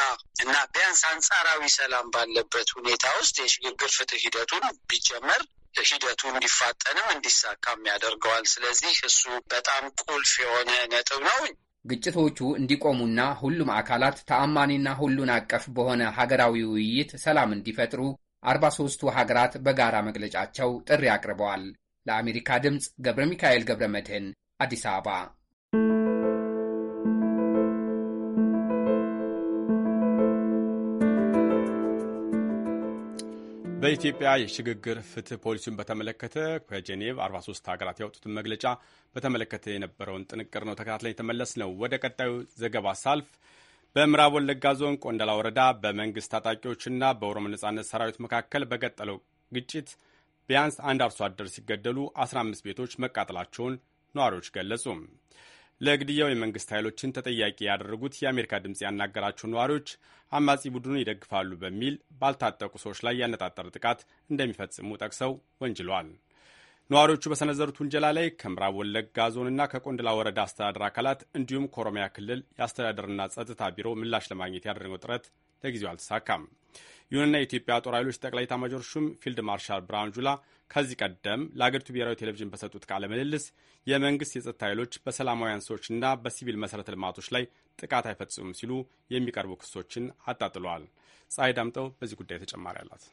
እና ቢያንስ አንጻራዊ ሰላም ባለበት ሁኔታ ውስጥ የሽግግር ፍትህ ሂደቱን ቢጀመር ሂደቱ እንዲፋጠንም እንዲሳካም ያደርገዋል። ስለዚህ እሱ በጣም ቁልፍ የሆነ ነጥብ ነው። ግጭቶቹ እንዲቆሙና ሁሉም አካላት ተአማኒና ሁሉን አቀፍ በሆነ ሀገራዊ ውይይት ሰላም እንዲፈጥሩ 43ቱ ሀገራት በጋራ መግለጫቸው ጥሪ አቅርበዋል። ለአሜሪካ ድምፅ ገብረ ሚካኤል ገብረ መድህን አዲስ አበባ በኢትዮጵያ የሽግግር ፍትህ ፖሊሲን በተመለከተ ከጄኔቭ 43 ሀገራት ያወጡትን መግለጫ በተመለከተ የነበረውን ጥንቅር ነው ተከታትለን የተመለስ ነው። ወደ ቀጣዩ ዘገባ ሳልፍ በምዕራብ ወለጋ ዞን ቆንደላ ወረዳ በመንግስት ታጣቂዎችና በኦሮሞ ነጻነት ሰራዊት መካከል በቀጠለው ግጭት ቢያንስ አንድ አርሶ አደር ሲገደሉ 15 ቤቶች መቃጠላቸውን ነዋሪዎች ገለጹ። ለግድያው የመንግስት ኃይሎችን ተጠያቂ ያደረጉት የአሜሪካ ድምፅ ያናገራቸው ነዋሪዎች አማጺ ቡድኑን ይደግፋሉ በሚል ባልታጠቁ ሰዎች ላይ ያነጣጠረ ጥቃት እንደሚፈጽሙ ጠቅሰው ወንጅለዋል። ነዋሪዎቹ በሰነዘሩት ውንጀላ ላይ ከምዕራብ ወለጋ ዞንና ከቆንደላ ወረዳ አስተዳደር አካላት እንዲሁም ከኦሮሚያ ክልል የአስተዳደርና ጸጥታ ቢሮ ምላሽ ለማግኘት ያደረገው ጥረት ለጊዜው አልተሳካም። ይሁንና የኢትዮጵያ ጦር ኃይሎች ጠቅላይ ኤታማዦር ሹም ፊልድ ማርሻል ብርሃኑ ጁላ ከዚህ ቀደም ለአገሪቱ ብሔራዊ ቴሌቪዥን በሰጡት ቃለ ምልልስ የመንግስት የጸጥታ ኃይሎች በሰላማውያን ሰዎችና በሲቪል መሠረተ ልማቶች ላይ ጥቃት አይፈጽሙም ሲሉ የሚቀርቡ ክሶችን አጣጥለዋል። ፀሐይ ዳምጠው በዚህ ጉዳይ ተጨማሪ አላት።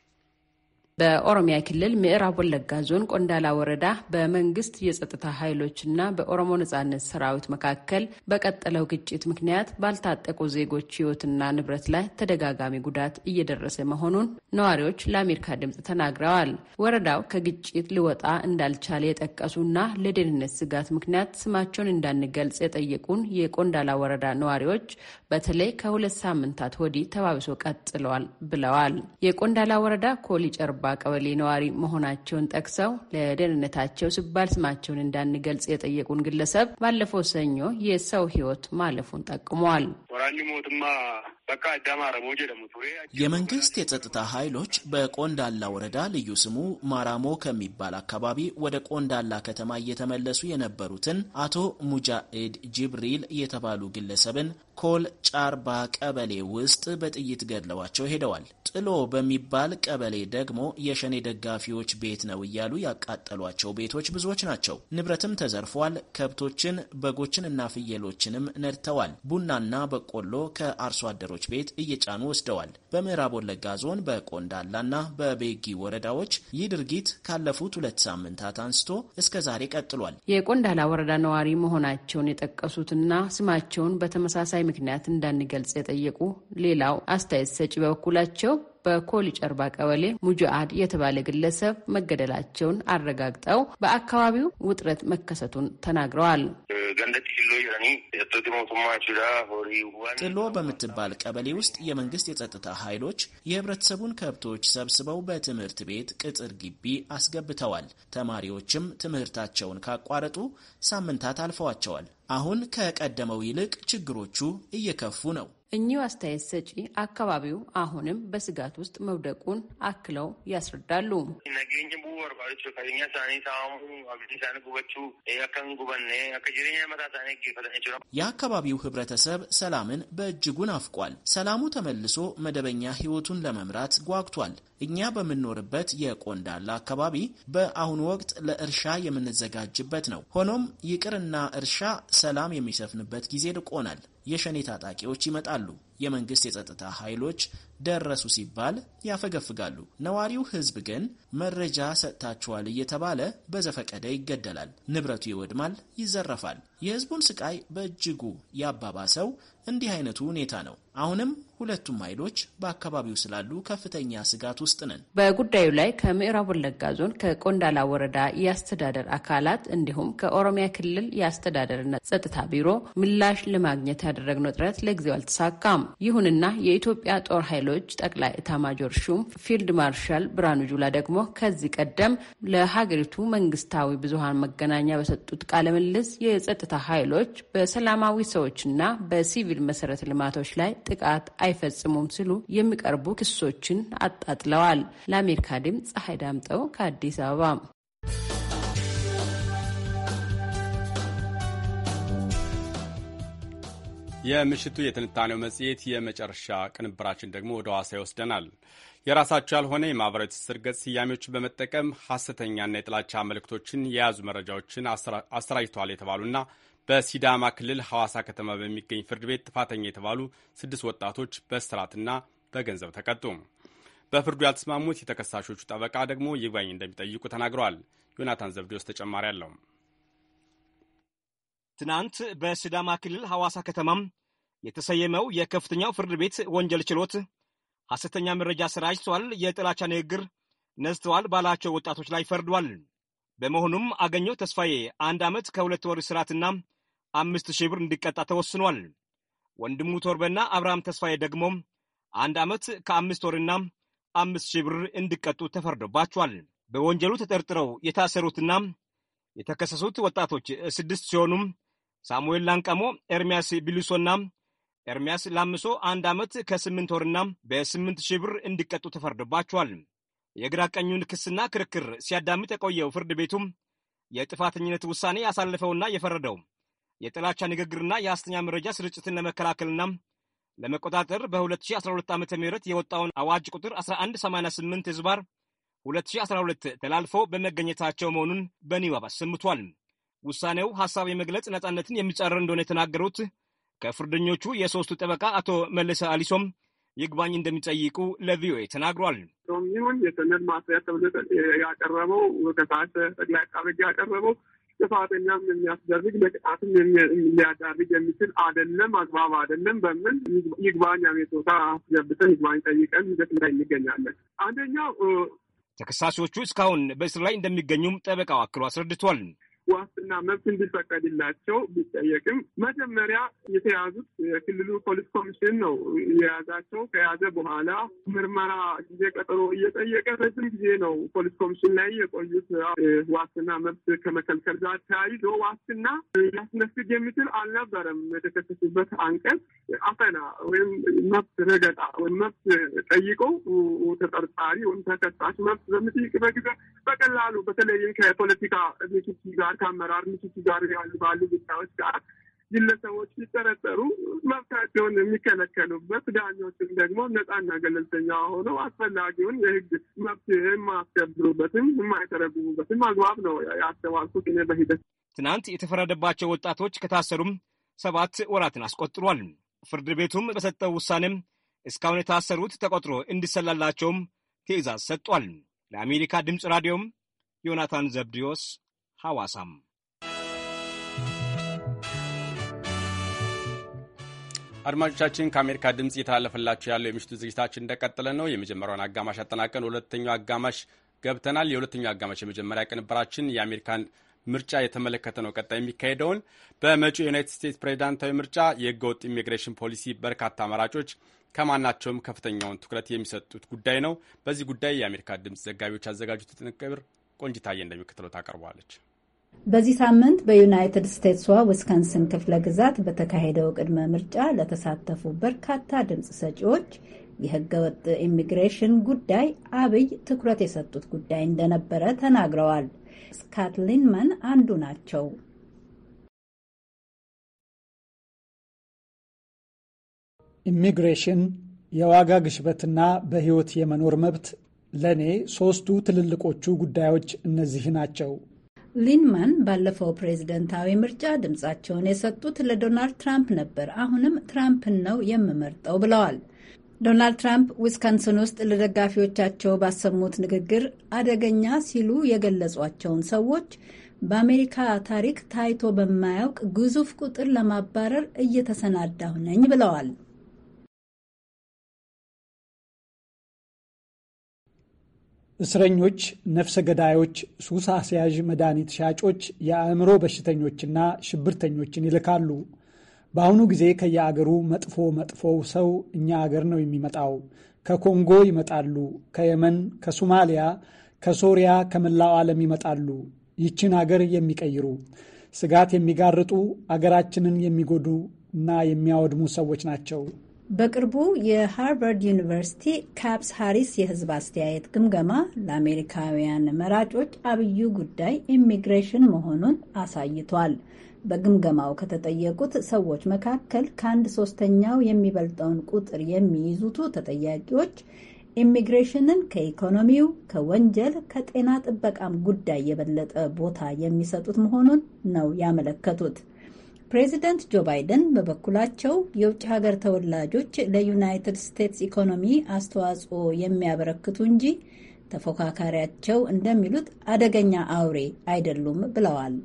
በኦሮሚያ ክልል ምዕራብ ወለጋ ዞን ቆንዳላ ወረዳ በመንግስት የጸጥታ ኃይሎችና በኦሮሞ ነጻነት ሰራዊት መካከል በቀጠለው ግጭት ምክንያት ባልታጠቁ ዜጎች ሕይወትና ንብረት ላይ ተደጋጋሚ ጉዳት እየደረሰ መሆኑን ነዋሪዎች ለአሜሪካ ድምፅ ተናግረዋል። ወረዳው ከግጭት ሊወጣ እንዳልቻለ የጠቀሱና ለደህንነት ስጋት ምክንያት ስማቸውን እንዳንገልጽ የጠየቁን የቆንዳላ ወረዳ ነዋሪዎች በተለይ ከሁለት ሳምንታት ወዲህ ተባብሶ ቀጥለዋል ብለዋል። የቆንዳላ ወረዳ ኮሊ ጨርባ ቀበሌ ነዋሪ መሆናቸውን ጠቅሰው ለደህንነታቸው ሲባል ስማቸውን እንዳንገልጽ የጠየቁን ግለሰብ ባለፈው ሰኞ የሰው ሕይወት ማለፉን ጠቅመዋል። ወራኝ ሞትማ የመንግስት የጸጥታ ኃይሎች በቆንዳላ ወረዳ ልዩ ስሙ ማራሞ ከሚባል አካባቢ ወደ ቆንዳላ ከተማ እየተመለሱ የነበሩትን አቶ ሙጃኤድ ጅብሪል የተባሉ ግለሰብን ኮል ጫርባ ቀበሌ ውስጥ በጥይት ገድለዋቸው ሄደዋል። ጥሎ በሚባል ቀበሌ ደግሞ የሸኔ ደጋፊዎች ቤት ነው እያሉ ያቃጠሏቸው ቤቶች ብዙዎች ናቸው። ንብረትም ተዘርፏል። ከብቶችን፣ በጎችን እና ፍየሎችንም ነድተዋል። ቡናና በቆሎ ከአርሶ አደሮች ሰዎች ቤት እየጫኑ ወስደዋል። በምዕራብ ወለጋ ዞን በቆንዳላና በቤጊ ወረዳዎች ይህ ድርጊት ካለፉት ሁለት ሳምንታት አንስቶ እስከ ዛሬ ቀጥሏል። የቆንዳላ ወረዳ ነዋሪ መሆናቸውን የጠቀሱትና ስማቸውን በተመሳሳይ ምክንያት እንዳንገልጽ የጠየቁ ሌላው አስተያየት ሰጪ በበኩላቸው በኮሊጨርባ ቀበሌ ሙጃአድ የተባለ ግለሰብ መገደላቸውን አረጋግጠው በአካባቢው ውጥረት መከሰቱን ተናግረዋል። ጥሎ በምትባል ቀበሌ ውስጥ የመንግስት የጸጥታ ኃይሎች የህብረተሰቡን ከብቶች ሰብስበው በትምህርት ቤት ቅጥር ግቢ አስገብተዋል። ተማሪዎችም ትምህርታቸውን ካቋረጡ ሳምንታት አልፈዋቸዋል። አሁን ከቀደመው ይልቅ ችግሮቹ እየከፉ ነው። እኚሁ አስተያየት ሰጪ አካባቢው አሁንም በስጋት ውስጥ መውደቁን አክለው ያስረዳሉ። የአካባቢው ህብረተሰብ ሰላምን በእጅጉ ናፍቋል። ሰላሙ ተመልሶ መደበኛ ህይወቱን ለመምራት ጓግቷል። እኛ በምንኖርበት የቆንዳላ አካባቢ በአሁኑ ወቅት ለእርሻ የምንዘጋጅበት ነው። ሆኖም ይቅርና እርሻ ሰላም የሚሰፍንበት ጊዜ ልቆናል። የሸኔ ታጣቂዎች ይመጣሉ፣ የመንግስት የጸጥታ ኃይሎች ደረሱ ሲባል ያፈገፍጋሉ። ነዋሪው ህዝብ ግን መረጃ ሰጥታችኋል እየተባለ በዘፈቀደ ይገደላል፣ ንብረቱ ይወድማል፣ ይዘረፋል። የህዝቡን ስቃይ በእጅጉ ያባባሰው እንዲህ አይነቱ ሁኔታ ነው። አሁንም ሁለቱም ኃይሎች በአካባቢው ስላሉ ከፍተኛ ስጋት ውስጥ ነን። በጉዳዩ ላይ ከምዕራብ ወለጋ ዞን ከቆንዳላ ወረዳ የአስተዳደር አካላት እንዲሁም ከኦሮሚያ ክልል የአስተዳደርና ጸጥታ ቢሮ ምላሽ ለማግኘት ያደረግነው ጥረት ለጊዜው አልተሳካም። ይሁንና የኢትዮጵያ ጦር ኃይሎች ጠቅላይ ኤታማዦር ሹም ፊልድ ማርሻል ብርሃኑ ጁላ ደግሞ ከዚህ ቀደም ለሀገሪቱ መንግስታዊ ብዙሃን መገናኛ በሰጡት ቃለ ምልልስ የጸጥታ ኃይሎች በሰላማዊ ሰዎችና በሲቪል መሰረተ ልማቶች ላይ ጥቃት አይ አይፈጽሙም ሲሉ የሚቀርቡ ክሶችን አጣጥለዋል። ለአሜሪካ ድምፅ ፀሐይ ዳምጠው ከአዲስ አበባ። የምሽቱ የትንታኔው መጽሔት የመጨረሻ ቅንብራችን ደግሞ ወደ ሐዋሳ ይወስደናል። የራሳቸው ያልሆነ የማህበራዊ ትስስር ገጽ ስያሜዎችን በመጠቀም ሐሰተኛና የጥላቻ መልእክቶችን የያዙ መረጃዎችን አሰራጅተዋል የተባሉና በሲዳማ ክልል ሐዋሳ ከተማ በሚገኝ ፍርድ ቤት ጥፋተኛ የተባሉ ስድስት ወጣቶች በእስራትና በገንዘብ ተቀጡ። በፍርዱ ያልተስማሙት የተከሳሾቹ ጠበቃ ደግሞ ይግባኝ እንደሚጠይቁ ተናግረዋል። ዮናታን ዘብዴዎስ ተጨማሪ አለው። ትናንት በሲዳማ ክልል ሐዋሳ ከተማም የተሰየመው የከፍተኛው ፍርድ ቤት ወንጀል ችሎት ሐሰተኛ መረጃ ሰራጭተዋል፣ የጥላቻ ንግግር ነዝተዋል ባላቸው ወጣቶች ላይ ፈርዷል። በመሆኑም አገኘው ተስፋዬ አንድ ዓመት ከሁለት ወር ስርዓትና አምስት ሺህ ብር እንዲቀጣ ተወስኗል። ወንድሙ ቶርበና አብርሃም ተስፋዬ ደግሞ አንድ ዓመት ከአምስት ወርና አምስት ሺህ ብር እንዲቀጡ ተፈርዶባቸዋል። በወንጀሉ ተጠርጥረው የታሰሩትና የተከሰሱት ወጣቶች ስድስት ሲሆኑም ሳሙኤል ላንቀሞ፣ ኤርሚያስ ቢልሶና ኤርሚያስ ላምሶ አንድ ዓመት ከስምንት ወርና በስምንት ሺህ ብር እንዲቀጡ ተፈርዶባቸዋል። የግራ ቀኙን ክስና ክርክር ሲያዳምጥ የቆየው ፍርድ ቤቱም የጥፋተኝነት ውሳኔ ያሳለፈውና የፈረደው የጥላቻ ንግግርና የሐሰተኛ መረጃ ስርጭትን ለመከላከልና ለመቆጣጠር በ2012 ዓ ም የወጣውን አዋጅ ቁጥር 1188 ህዝባር 2012 ተላልፎ በመገኘታቸው መሆኑን በንባብ አሰምቷል። ውሳኔው ሐሳብ የመግለጽ ነጻነትን የሚጻረር እንደሆነ የተናገሩት ከፍርደኞቹ የሦስቱ ጠበቃ አቶ መለሰ አሊሶም ይግባኝ እንደሚጠይቁ ለቪኦኤ ተናግሯል። ሚሆን የሰነድ ማስያ ያቀረበው ከሰዓት ጠቅላይ አቃቤ ያቀረበው ጥፋተኛም የሚያስደርግ ለቅጣትም ሊያዳርግ የሚችል አይደለም፣ አግባብ አይደለም በሚል ይግባኝ አቤቱታ አስገብተን ይግባኝ ጠይቀን ሂደት ላይ እንገኛለን። አንደኛው ተከሳሾቹ እስካሁን በእስር ላይ እንደሚገኙም ጠበቃው አክሎ አስረድቷል። ዋስትና መብት እንዲፈቀድላቸው ቢጠየቅም መጀመሪያ የተያዙት የክልሉ ፖሊስ ኮሚሽን ነው የያዛቸው። ከያዘ በኋላ ምርመራ ጊዜ ቀጠሮ እየጠየቀ ረጅም ጊዜ ነው ፖሊስ ኮሚሽን ላይ የቆዩት። ዋስትና መብት ከመከልከል ጋር ተያይዞ ዋስትና ሊያስነስግ የሚችል አልነበረም። የተከሰሱበት አንቀጽ አፈና ወይም መብት ረገጣ ወይም መብት ጠይቆ ተጠርጣሪ ወይም ተከሳሽ መብት በምጠይቅበት ጊዜ በቀላሉ በተለይም ከፖለቲካ ንክኪ ጋር ከአመራር ንስሱ ጋር ያሉ ባሉ ጉዳዮች ጋር ግለሰቦች ሲጠረጠሩ መብታቸውን የሚከለከሉበት ዳኞችም ደግሞ ነጻና ገለልተኛ ሆነው አስፈላጊውን የህግ መብት የማያስከብሩበትም የማይተረጉሙበትም አግባብ ነው ያስተዋልኩት እኔ በሂደት። ትናንት የተፈረደባቸው ወጣቶች ከታሰሩም ሰባት ወራትን አስቆጥሯል። ፍርድ ቤቱም በሰጠው ውሳኔም እስካሁን የታሰሩት ተቆጥሮ እንዲሰላላቸውም ትዕዛዝ ሰጥቷል። ለአሜሪካ ድምፅ ራዲዮም ዮናታን ዘብድዮስ ሐዋሳም አድማጮቻችን ከአሜሪካ ድምፅ እየተላለፈላችሁ ያለው የምሽቱ ዝግጅታችን እንደቀጠለ ነው። የመጀመሪያውን አጋማሽ አጠናቀን ሁለተኛው አጋማሽ ገብተናል። የሁለተኛው አጋማሽ የመጀመሪያ ቅንብራችን የአሜሪካን ምርጫ የተመለከተ ነው። ቀጣይ የሚካሄደውን በመጪው የዩናይትድ ስቴትስ ፕሬዚዳንታዊ ምርጫ የህገወጥ ኢሚግሬሽን ፖሊሲ በርካታ መራጮች ከማናቸውም ከፍተኛውን ትኩረት የሚሰጡት ጉዳይ ነው። በዚህ ጉዳይ የአሜሪካ ድምፅ ዘጋቢዎች ያዘጋጁት ጥንቅር ቆንጂታዬ እንደሚከተለው ታቀርበዋለች። በዚህ ሳምንት በዩናይትድ ስቴትስዋ ዊስከንስን ክፍለ ግዛት በተካሄደው ቅድመ ምርጫ ለተሳተፉ በርካታ ድምፅ ሰጪዎች ወጥ ኢሚግሬሽን ጉዳይ አብይ ትኩረት የሰጡት ጉዳይ እንደነበረ ተናግረዋል። ስካት ሊንመን አንዱ ናቸው። ኢሚግሬሽን፣ የዋጋ ግሽበትና በሕይወት የመኖር መብት ለእኔ ሦስቱ ትልልቆቹ ጉዳዮች እነዚህ ናቸው። ሊንማን ባለፈው ፕሬዝደንታዊ ምርጫ ድምጻቸውን የሰጡት ለዶናልድ ትራምፕ ነበር። አሁንም ትራምፕን ነው የምመርጠው ብለዋል። ዶናልድ ትራምፕ ዊስካንስን ውስጥ ለደጋፊዎቻቸው ባሰሙት ንግግር አደገኛ ሲሉ የገለጿቸውን ሰዎች በአሜሪካ ታሪክ ታይቶ በማያውቅ ግዙፍ ቁጥር ለማባረር እየተሰናዳሁ ነኝ ብለዋል። እስረኞች፣ ነፍሰ ገዳዮች፣ ሱስ አስያዥ መድኃኒት ሻጮች፣ የአእምሮ በሽተኞችና ሽብርተኞችን ይልካሉ። በአሁኑ ጊዜ ከየአገሩ መጥፎ መጥፎው ሰው እኛ አገር ነው የሚመጣው። ከኮንጎ ይመጣሉ፣ ከየመን፣ ከሶማሊያ፣ ከሶሪያ፣ ከመላው ዓለም ይመጣሉ። ይችን አገር የሚቀይሩ ስጋት የሚጋርጡ አገራችንን የሚጎዱ እና የሚያወድሙ ሰዎች ናቸው። በቅርቡ የሃርቨርድ ዩኒቨርሲቲ ካፕስ ሃሪስ የህዝብ አስተያየት ግምገማ ለአሜሪካውያን መራጮች አብዩ ጉዳይ ኢሚግሬሽን መሆኑን አሳይቷል። በግምገማው ከተጠየቁት ሰዎች መካከል ከአንድ ሶስተኛው የሚበልጠውን ቁጥር የሚይዙቱ ተጠያቂዎች ኢሚግሬሽንን ከኢኮኖሚው፣ ከወንጀል፣ ከጤና ጥበቃም ጉዳይ የበለጠ ቦታ የሚሰጡት መሆኑን ነው ያመለከቱት። ፕሬዚደንት ጆ ባይደን በበኩላቸው የውጭ ሀገር ተወላጆች ለዩናይትድ ስቴትስ ኢኮኖሚ አስተዋጽኦ የሚያበረክቱ እንጂ ተፎካካሪያቸው እንደሚሉት አደገኛ አውሬ አይደሉም ብለዋል።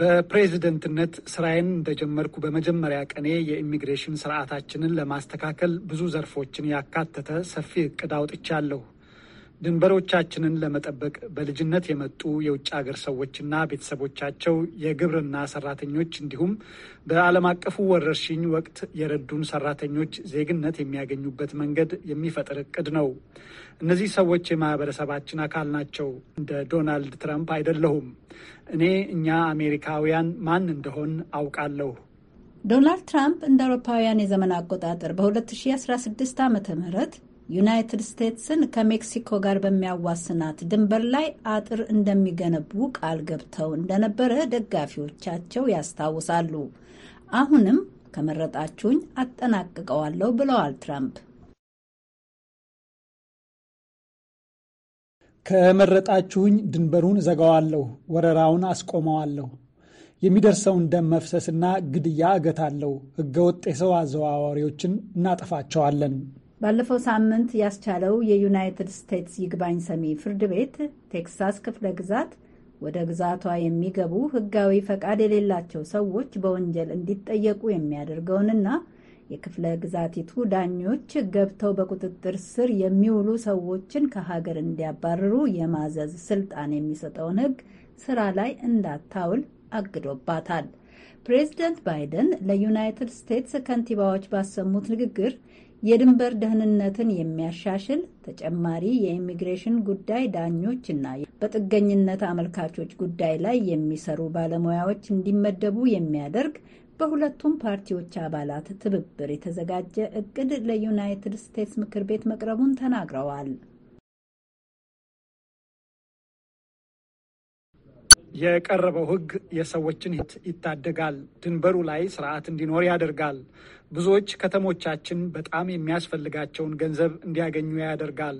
በፕሬዝደንትነት ስራዬን እንደጀመርኩ በመጀመሪያ ቀኔ የኢሚግሬሽን ስርዓታችንን ለማስተካከል ብዙ ዘርፎችን ያካተተ ሰፊ እቅድ አውጥቻለሁ። ድንበሮቻችንን ለመጠበቅ በልጅነት የመጡ የውጭ ሀገር ሰዎችና ቤተሰቦቻቸው የግብርና ሰራተኞች እንዲሁም በዓለም አቀፉ ወረርሽኝ ወቅት የረዱን ሰራተኞች ዜግነት የሚያገኙበት መንገድ የሚፈጥር እቅድ ነው። እነዚህ ሰዎች የማህበረሰባችን አካል ናቸው። እንደ ዶናልድ ትራምፕ አይደለሁም። እኔ እኛ አሜሪካውያን ማን እንደሆን አውቃለሁ። ዶናልድ ትራምፕ እንደ አውሮፓውያን የዘመን አቆጣጠር በ2016 ዓ ም ዩናይትድ ስቴትስን ከሜክሲኮ ጋር በሚያዋስናት ድንበር ላይ አጥር እንደሚገነቡ ቃል ገብተው እንደነበረ ደጋፊዎቻቸው ያስታውሳሉ። አሁንም ከመረጣችሁኝ አጠናቅቀዋለሁ ብለዋል ትራምፕ። ከመረጣችሁኝ ድንበሩን እዘጋዋለሁ፣ ወረራውን አስቆመዋለሁ፣ የሚደርሰውን ደም መፍሰስና ግድያ እገታለሁ፣ ህገወጥ የሰው አዘዋዋሪዎችን እናጠፋቸዋለን ባለፈው ሳምንት ያስቻለው የዩናይትድ ስቴትስ ይግባኝ ሰሚ ፍርድ ቤት ቴክሳስ ክፍለ ግዛት ወደ ግዛቷ የሚገቡ ሕጋዊ ፈቃድ የሌላቸው ሰዎች በወንጀል እንዲጠየቁ የሚያደርገውንና የክፍለ ግዛቲቱ ዳኞች ገብተው በቁጥጥር ስር የሚውሉ ሰዎችን ከሀገር እንዲያባርሩ የማዘዝ ስልጣን የሚሰጠውን ሕግ ስራ ላይ እንዳታውል አግዶባታል። ፕሬዚደንት ባይደን ለዩናይትድ ስቴትስ ከንቲባዎች ባሰሙት ንግግር የድንበር ደህንነትን የሚያሻሽል ተጨማሪ የኢሚግሬሽን ጉዳይ ዳኞችና በጥገኝነት አመልካቾች ጉዳይ ላይ የሚሰሩ ባለሙያዎች እንዲመደቡ የሚያደርግ በሁለቱም ፓርቲዎች አባላት ትብብር የተዘጋጀ እቅድ ለዩናይትድ ስቴትስ ምክር ቤት መቅረቡን ተናግረዋል። የቀረበው ሕግ የሰዎችን ሕይወት ይታደጋል፣ ድንበሩ ላይ ስርዓት እንዲኖር ያደርጋል፣ ብዙዎች ከተሞቻችን በጣም የሚያስፈልጋቸውን ገንዘብ እንዲያገኙ ያደርጋል።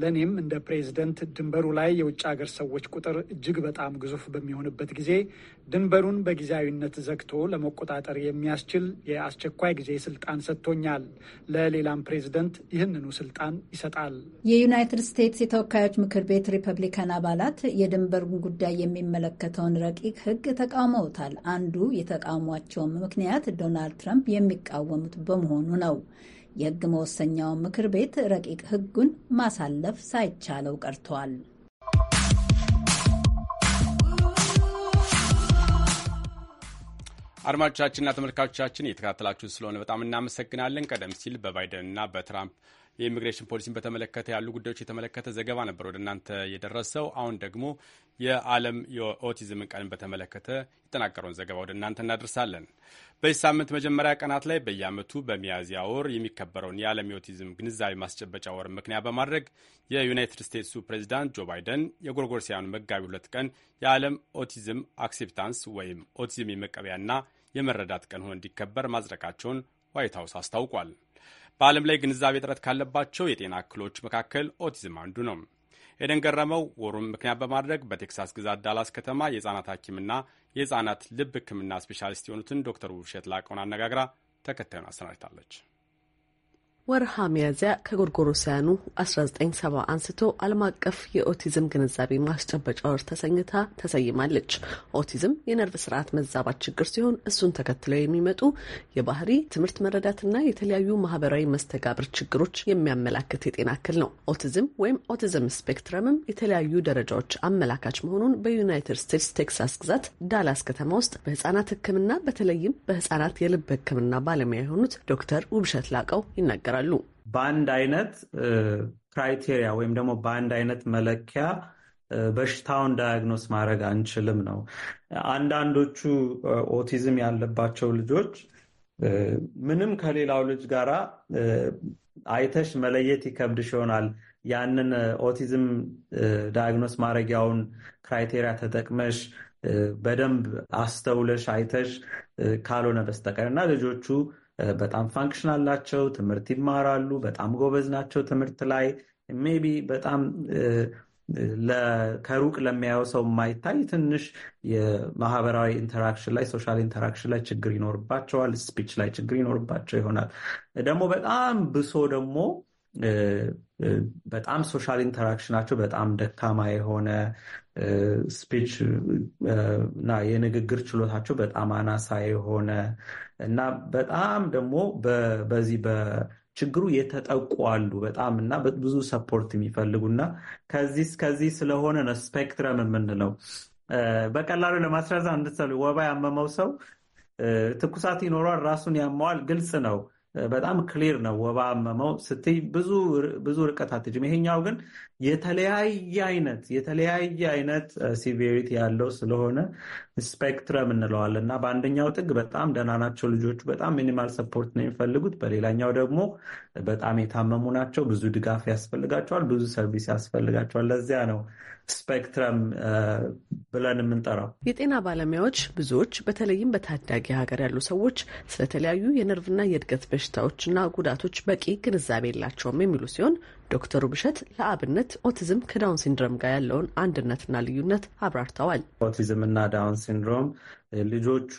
ለእኔም እንደ ፕሬዝደንት ድንበሩ ላይ የውጭ ሀገር ሰዎች ቁጥር እጅግ በጣም ግዙፍ በሚሆንበት ጊዜ ድንበሩን በጊዜያዊነት ዘግቶ ለመቆጣጠር የሚያስችል የአስቸኳይ ጊዜ ስልጣን ሰጥቶኛል። ለሌላም ፕሬዝደንት ይህንኑ ስልጣን ይሰጣል። የዩናይትድ ስቴትስ የተወካዮች ምክር ቤት ሪፐብሊካን አባላት የድንበሩን ጉዳይ የሚመለከተውን ረቂቅ ሕግ ተቃውመውታል። አንዱ የተቃውሟቸውም ምክንያት ዶናልድ ትራምፕ የሚቃወሙት በመሆኑ ነው። የህግ መወሰኛው ምክር ቤት ረቂቅ ህጉን ማሳለፍ ሳይቻለው ቀርቷል። አድማጮቻችንና ተመልካቾቻችን እየተከታተላችሁ ስለሆነ በጣም እናመሰግናለን። ቀደም ሲል በባይደንና በትራምፕ የኢሚግሬሽን ፖሊሲን በተመለከተ ያሉ ጉዳዮች የተመለከተ ዘገባ ነበር ወደ እናንተ የደረሰው። አሁን ደግሞ የዓለም የኦቲዝም ቀን በተመለከተ የተጠናቀረውን ዘገባ ወደ እናንተ እናደርሳለን። በዚህ ሳምንት መጀመሪያ ቀናት ላይ በየዓመቱ በሚያዝያ ወር የሚከበረውን የዓለም የኦቲዝም ግንዛቤ ማስጨበጫ ወር ምክንያት በማድረግ የዩናይትድ ስቴትሱ ፕሬዚዳንት ጆ ባይደን የጎርጎርሲያኑ መጋቢ ሁለት ቀን የዓለም ኦቲዝም አክሴፕታንስ ወይም ኦቲዝም የመቀበያና የመረዳት ቀን ሆኖ እንዲከበር ማጽደቃቸውን ዋይት ሀውስ አስታውቋል። በዓለም ላይ ግንዛቤ እጥረት ካለባቸው የጤና እክሎች መካከል ኦቲዝም አንዱ ነው። ኤደን ገረመው ወሩን ምክንያት በማድረግ በቴክሳስ ግዛት ዳላስ ከተማ የህጻናት ሐኪምና የህጻናት ልብ ህክምና ስፔሻሊስት የሆኑትን ዶክተር ውብሸት ላቀውን አነጋግራ ተከታዩን አሰናድታለች። ወርሃ ሚያዝያ ከጎርጎሮሲያኑ 1970 አንስቶ ዓለም አቀፍ የኦቲዝም ግንዛቤ ማስጨበጫ ወር ተሰኝታ ተሰይማለች። ኦቲዝም የነርቭ ስርዓት መዛባት ችግር ሲሆን እሱን ተከትለው የሚመጡ የባህሪ ትምህርት መረዳትና የተለያዩ ማህበራዊ መስተጋብር ችግሮች የሚያመላክት የጤና እክል ነው። ኦቲዝም ወይም ኦቲዝም ስፔክትረምም የተለያዩ ደረጃዎች አመላካች መሆኑን በዩናይትድ ስቴትስ ቴክሳስ ግዛት ዳላስ ከተማ ውስጥ በህጻናት ህክምና በተለይም በህጻናት የልብ ህክምና ባለሙያ የሆኑት ዶክተር ውብሸት ላቀው ይናገራል። ይናገራሉ። በአንድ አይነት ክራይቴሪያ ወይም ደግሞ በአንድ አይነት መለኪያ በሽታውን ዳያግኖስ ማድረግ አንችልም ነው። አንዳንዶቹ ኦቲዝም ያለባቸው ልጆች ምንም ከሌላው ልጅ ጋራ አይተሽ መለየት ይከብድሽ ይሆናል። ያንን ኦቲዝም ዳያግኖስ ማድረጊያውን ክራይቴሪያ ተጠቅመሽ በደንብ አስተውለሽ አይተሽ ካልሆነ በስተቀር እና ልጆቹ በጣም ፋንክሽን አላቸው፣ ትምህርት ይማራሉ፣ በጣም ጎበዝ ናቸው ትምህርት ላይ ሜይ ቢ በጣም ከሩቅ ለሚያየው ሰው የማይታይ ትንሽ የማህበራዊ ኢንተራክሽን ላይ ሶሻል ኢንተራክሽን ላይ ችግር ይኖርባቸዋል። ስፒች ላይ ችግር ይኖርባቸው ይሆናል። ደግሞ በጣም ብሶ ደግሞ በጣም ሶሻል ኢንተራክሽናቸው በጣም ደካማ የሆነ ስፒች እና የንግግር ችሎታቸው በጣም አናሳ የሆነ እና በጣም ደግሞ በዚህ በችግሩ የተጠቁ አሉ በጣም እና ብዙ ሰፖርት የሚፈልጉና ከዚህ ከዚህ ስለሆነ ነው ስፔክትረም የምንለው። በቀላሉ ለማስረዛ እንድትሰሉ ወባ ያመመው ሰው ትኩሳት ይኖረዋል፣ ራሱን ያመዋል፣ ግልጽ ነው። በጣም ክሊር ነው። ወባ አመመው ስትይ ብዙ ርቀት አትጅም። ይሄኛው ግን የተለያየ አይነት የተለያየ አይነት ሲቪሪቲ ያለው ስለሆነ ስፔክትረም እንለዋለን እና በአንደኛው ጥግ በጣም ደህና ናቸው ልጆቹ፣ በጣም ሚኒማል ሰፖርት ነው የሚፈልጉት። በሌላኛው ደግሞ በጣም የታመሙ ናቸው፣ ብዙ ድጋፍ ያስፈልጋቸዋል፣ ብዙ ሰርቪስ ያስፈልጋቸዋል። ለዚያ ነው ስፔክትረም ብለን የምንጠራው የጤና ባለሙያዎች ብዙዎች በተለይም በታዳጊ ሀገር ያሉ ሰዎች ስለተለያዩ የነርቭና የእድገት በሽታዎችና ጉዳቶች በቂ ግንዛቤ የላቸውም የሚሉ ሲሆን ዶክተሩ ብሸት ለአብነት ኦቲዝም ከዳውን ሲንድሮም ጋር ያለውን አንድነትና ልዩነት አብራርተዋል። ኦቲዝም እና ዳውን ሲንድሮም ልጆቹ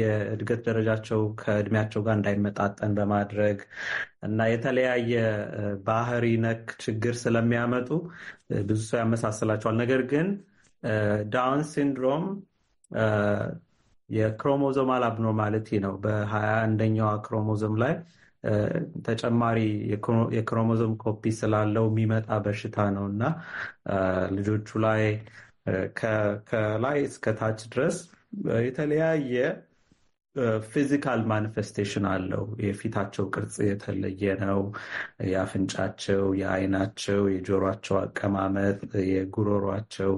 የእድገት ደረጃቸው ከእድሜያቸው ጋር እንዳይመጣጠን በማድረግ እና የተለያየ ባህሪ ነክ ችግር ስለሚያመጡ ብዙ ሰው ያመሳስላቸዋል። ነገር ግን ዳውን ሲንድሮም የክሮሞዞማል አብኖርማልቲ ነው። በሀያ አንደኛዋ ክሮሞዞም ላይ ተጨማሪ የክሮሞዞም ኮፒ ስላለው የሚመጣ በሽታ ነው እና ልጆቹ ላይ ከላይ እስከ ታች ድረስ የተለያየ ፊዚካል ማኒፌስቴሽን አለው። የፊታቸው ቅርጽ የተለየ ነው። የአፍንጫቸው፣ የአይናቸው፣ የጆሯቸው አቀማመጥ፣ የጉሮሯቸው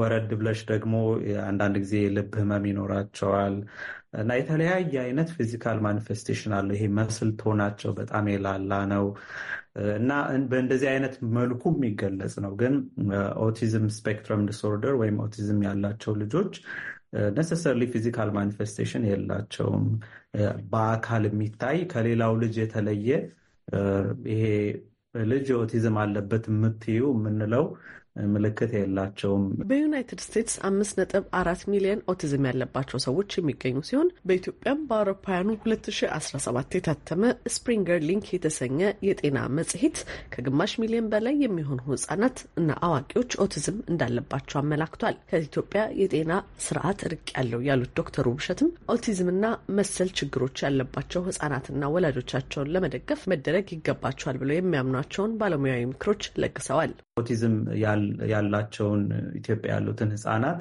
ወረድ ብለሽ ደግሞ አንዳንድ ጊዜ የልብ ህመም ይኖራቸዋል እና የተለያየ አይነት ፊዚካል ማኒፌስቴሽን አለው። ይሄ መስል ቶናቸው በጣም የላላ ነው። እና በእንደዚህ አይነት መልኩ የሚገለጽ ነው። ግን ኦቲዝም ስፔክትረም ዲስኦርደር ወይም ኦቲዝም ያላቸው ልጆች ነሰሰርሊ ፊዚካል ማኒፌስቴሽን የላቸውም። uh, በአካል የሚታይ ከሌላው ልጅ የተለየ uh, ይሄ ልጅ ኦቲዝም አለበት የምትዩ የምንለው ምልክት የላቸውም። በዩናይትድ ስቴትስ አምስት ነጥብ አራት ሚሊዮን ኦቲዝም ያለባቸው ሰዎች የሚገኙ ሲሆን በኢትዮጵያም በአውሮፓውያኑ 2017 የታተመ ስፕሪንገር ሊንክ የተሰኘ የጤና መጽሔት ከግማሽ ሚሊዮን በላይ የሚሆኑ ህጻናት እና አዋቂዎች ኦቲዝም እንዳለባቸው አመላክቷል። ከኢትዮጵያ የጤና ስርዓት ርቅ ያለው ያሉት ዶክተሩ ብሸትም ኦቲዝምና መሰል ችግሮች ያለባቸው ህጻናትና ወላጆቻቸውን ለመደገፍ መደረግ ይገባቸዋል ብለው የሚያምኗቸውን ባለሙያዊ ምክሮች ለግሰዋል። ኦቲዝም ያላቸውን ኢትዮጵያ ያሉትን ህጻናት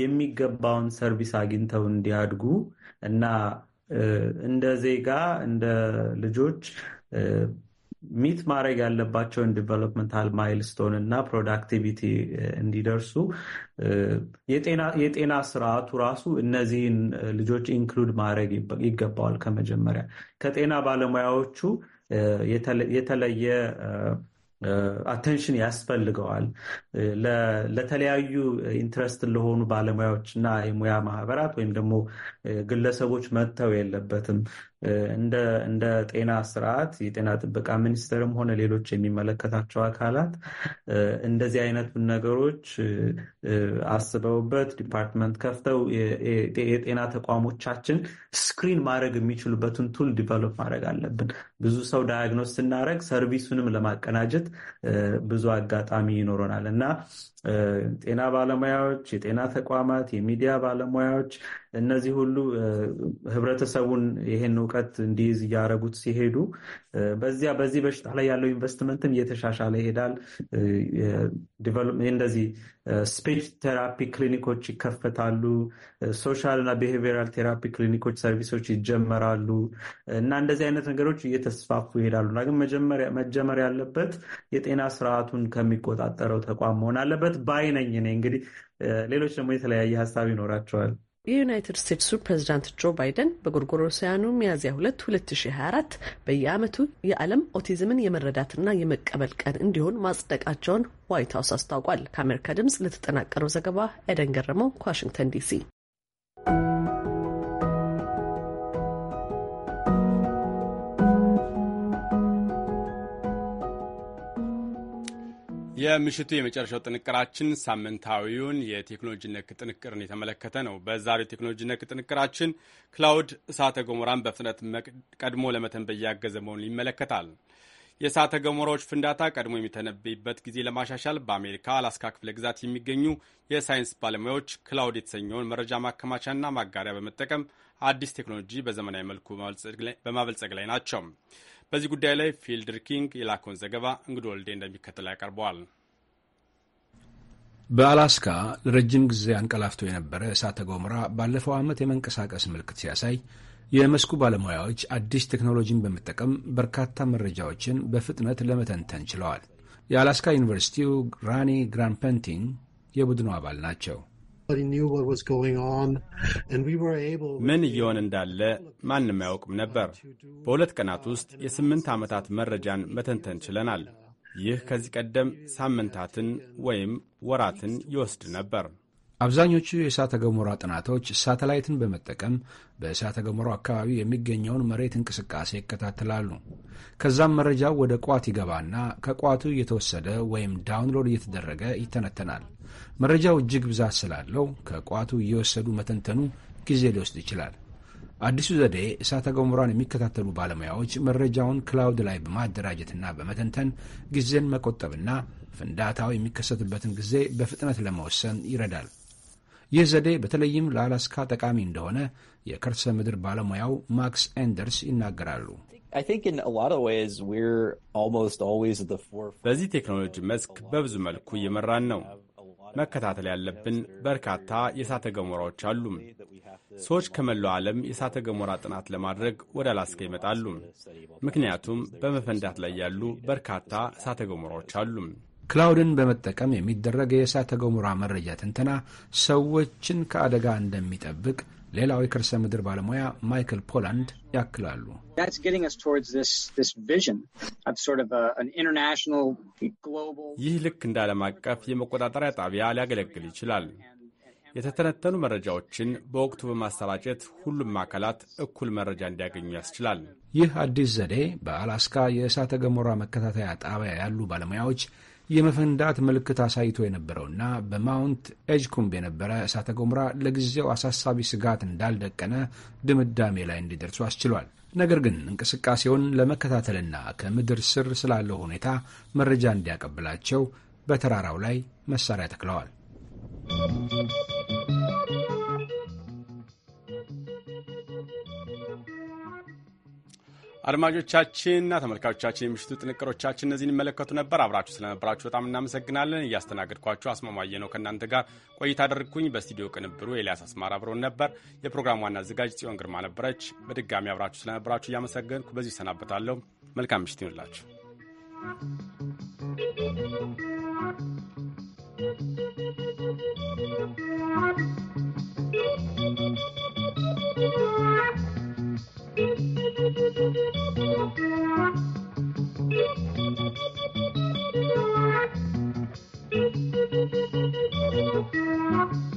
የሚገባውን ሰርቪስ አግኝተው እንዲያድጉ እና እንደ ዜጋ እንደ ልጆች ሚት ማድረግ ያለባቸውን ዲቨሎፕመንታል ማይልስቶን እና ፕሮዳክቲቪቲ እንዲደርሱ የጤና ስርዓቱ ራሱ እነዚህን ልጆች ኢንክሉድ ማድረግ ይገባዋል። ከመጀመሪያ ከጤና ባለሙያዎቹ የተለየ አቴንሽን ያስፈልገዋል። ለተለያዩ ኢንትረስት ለሆኑ ባለሙያዎች እና የሙያ ማህበራት ወይም ደግሞ ግለሰቦች መተው የለበትም። እንደ ጤና ስርዓት የጤና ጥበቃ ሚኒስቴርም ሆነ ሌሎች የሚመለከታቸው አካላት እንደዚህ አይነቱ ነገሮች አስበውበት ዲፓርትመንት ከፍተው የጤና ተቋሞቻችን ስክሪን ማድረግ የሚችሉበትን ቱል ዲቨሎፕ ማድረግ አለብን። ብዙ ሰው ዳያግኖስ ስናደረግ ሰርቪሱንም ለማቀናጀት ብዙ አጋጣሚ ይኖረናል እና ጤና ባለሙያዎች፣ የጤና ተቋማት፣ የሚዲያ ባለሙያዎች እነዚህ ሁሉ ህብረተሰቡን ይሄን እውቀት እንዲይዝ እያደረጉት ሲሄዱ በዚያ በዚህ በሽታ ላይ ያለው ኢንቨስትመንትም እየተሻሻለ ይሄዳል። እንደዚህ ስፔች ቴራፒ ክሊኒኮች ይከፈታሉ። ሶሻል እና ቢሄቪራል ቴራፒ ክሊኒኮች ሰርቪሶች ይጀመራሉ እና እንደዚህ አይነት ነገሮች እየተስፋፉ ይሄዳሉ እና ግን መጀመር ያለበት የጤና ስርዓቱን ከሚቆጣጠረው ተቋም መሆን አለበት ባይ ነኝ። እኔ እንግዲህ ሌሎች ደግሞ የተለያየ ሀሳብ ይኖራቸዋል። የዩናይትድ ስቴትሱ ፕሬዚዳንት ጆ ባይደን በጎርጎሮሳውያኑ ሚያዝያ 2 2024 በየዓመቱ የዓለም ኦቲዝምን የመረዳትና የመቀበል ቀን እንዲሆን ማጽደቃቸውን ዋይት ሀውስ አስታውቋል። ከአሜሪካ ድምፅ ለተጠናቀረው ዘገባ ኤደን ገረመው ከዋሽንግተን ዲሲ የምሽቱ የመጨረሻው ጥንቅራችን ሳምንታዊውን የቴክኖሎጂ ነክ ጥንቅርን የተመለከተ ነው። በዛሬው ቴክኖሎጂ ነክ ጥንቅራችን ክላውድ እሳተ ገሞራን በፍጥነት ቀድሞ ለመተንበይ ያገዘ መሆኑን ይመለከታል። የእሳተ ገሞራዎች ፍንዳታ ቀድሞ የሚተነበይበት ጊዜ ለማሻሻል በአሜሪካ አላስካ ክፍለ ግዛት የሚገኙ የሳይንስ ባለሙያዎች ክላውድ የተሰኘውን መረጃ ማከማቻና ማጋሪያ በመጠቀም አዲስ ቴክኖሎጂ በዘመናዊ መልኩ በማበልጸግ ላይ ናቸው። በዚህ ጉዳይ ላይ ፊልድር ኪንግ የላከውን ዘገባ እንግዶ ወልዴ እንደሚከተል ያቀርበዋል። በአላስካ ለረጅም ጊዜ አንቀላፍቶ የነበረ እሳተ ገሞራ ባለፈው ዓመት የመንቀሳቀስ ምልክት ሲያሳይ የመስኩ ባለሙያዎች አዲስ ቴክኖሎጂን በመጠቀም በርካታ መረጃዎችን በፍጥነት ለመተንተን ችለዋል። የአላስካ ዩኒቨርሲቲው ራኒ ግራንፐንቲን የቡድኑ አባል ናቸው። ምን እየሆን እንዳለ ማንም አያውቅም ነበር። በሁለት ቀናት ውስጥ የስምንት ዓመታት መረጃን መተንተን ችለናል። ይህ ከዚህ ቀደም ሳምንታትን ወይም ወራትን ይወስድ ነበር። አብዛኞቹ የእሳተ ገሞራ ጥናቶች ሳተላይትን በመጠቀም በእሳተ ገሞራው አካባቢ የሚገኘውን መሬት እንቅስቃሴ ይከታተላሉ። ከዛም መረጃው ወደ ቋት ይገባና ከቋቱ እየተወሰደ ወይም ዳውንሎድ እየተደረገ ይተነተናል። መረጃው እጅግ ብዛት ስላለው ከቋቱ እየወሰዱ መተንተኑ ጊዜ ሊወስድ ይችላል። አዲሱ ዘዴ እሳተ ገሞራን የሚከታተሉ ባለሙያዎች መረጃውን ክላውድ ላይ በማደራጀትና በመተንተን ጊዜን መቆጠብና ፍንዳታው የሚከሰትበትን ጊዜ በፍጥነት ለመወሰን ይረዳል። ይህ ዘዴ በተለይም ለአላስካ ጠቃሚ እንደሆነ የከርሰ ምድር ባለሙያው ማክስ ኤንደርስ ይናገራሉ። በዚህ ቴክኖሎጂ መስክ በብዙ መልኩ እየመራን ነው። መከታተል ያለብን በርካታ የእሳተ ገሞራዎች አሉ። ሰዎች ከመላው ዓለም የእሳተ ገሞራ ጥናት ለማድረግ ወደ አላስካ ይመጣሉ። ምክንያቱም በመፈንዳት ላይ ያሉ በርካታ እሳተ ገሞራዎች አሉ። ክላውድን በመጠቀም የሚደረግ የእሳተ ገሞራ መረጃ ትንተና ሰዎችን ከአደጋ እንደሚጠብቅ ሌላው የከርሰ ምድር ባለሙያ ማይክል ፖላንድ ያክላሉ። ይህ ልክ እንደ ዓለም አቀፍ የመቆጣጠሪያ ጣቢያ ሊያገለግል ይችላል። የተተነተኑ መረጃዎችን በወቅቱ በማሰራጨት ሁሉም አካላት እኩል መረጃ እንዲያገኙ ያስችላል። ይህ አዲስ ዘዴ በአላስካ የእሳተ ገሞራ መከታተያ ጣቢያ ያሉ ባለሙያዎች የመፈንዳት ምልክት አሳይቶ የነበረውና በማውንት ኤጅኩምብ የነበረ እሳተ ገሞራ ለጊዜው አሳሳቢ ስጋት እንዳልደቀነ ድምዳሜ ላይ እንዲደርሱ አስችሏል። ነገር ግን እንቅስቃሴውን ለመከታተልና ከምድር ስር ስላለው ሁኔታ መረጃ እንዲያቀብላቸው በተራራው ላይ መሳሪያ ተክለዋል። አድማጮቻችንና ተመልካቾቻችን የምሽቱ ጥንቅሮቻችን እነዚህን ይመለከቱ ነበር። አብራችሁ ስለነበራችሁ በጣም እናመሰግናለን። እያስተናገድኳችሁ አስማማየ ነው ከእናንተ ጋር ቆይታ አደረግኩኝ። በስቱዲዮ ቅንብሩ ኤልያስ አስማር አብረውን ነበር። የፕሮግራም ዋና አዘጋጅ ጽዮን ግርማ ነበረች። በድጋሚ አብራችሁ ስለነበራችሁ እያመሰገንኩ በዚሁ ይሰናበታለሁ። መልካም ምሽት ይሁንላችሁ። Thank you.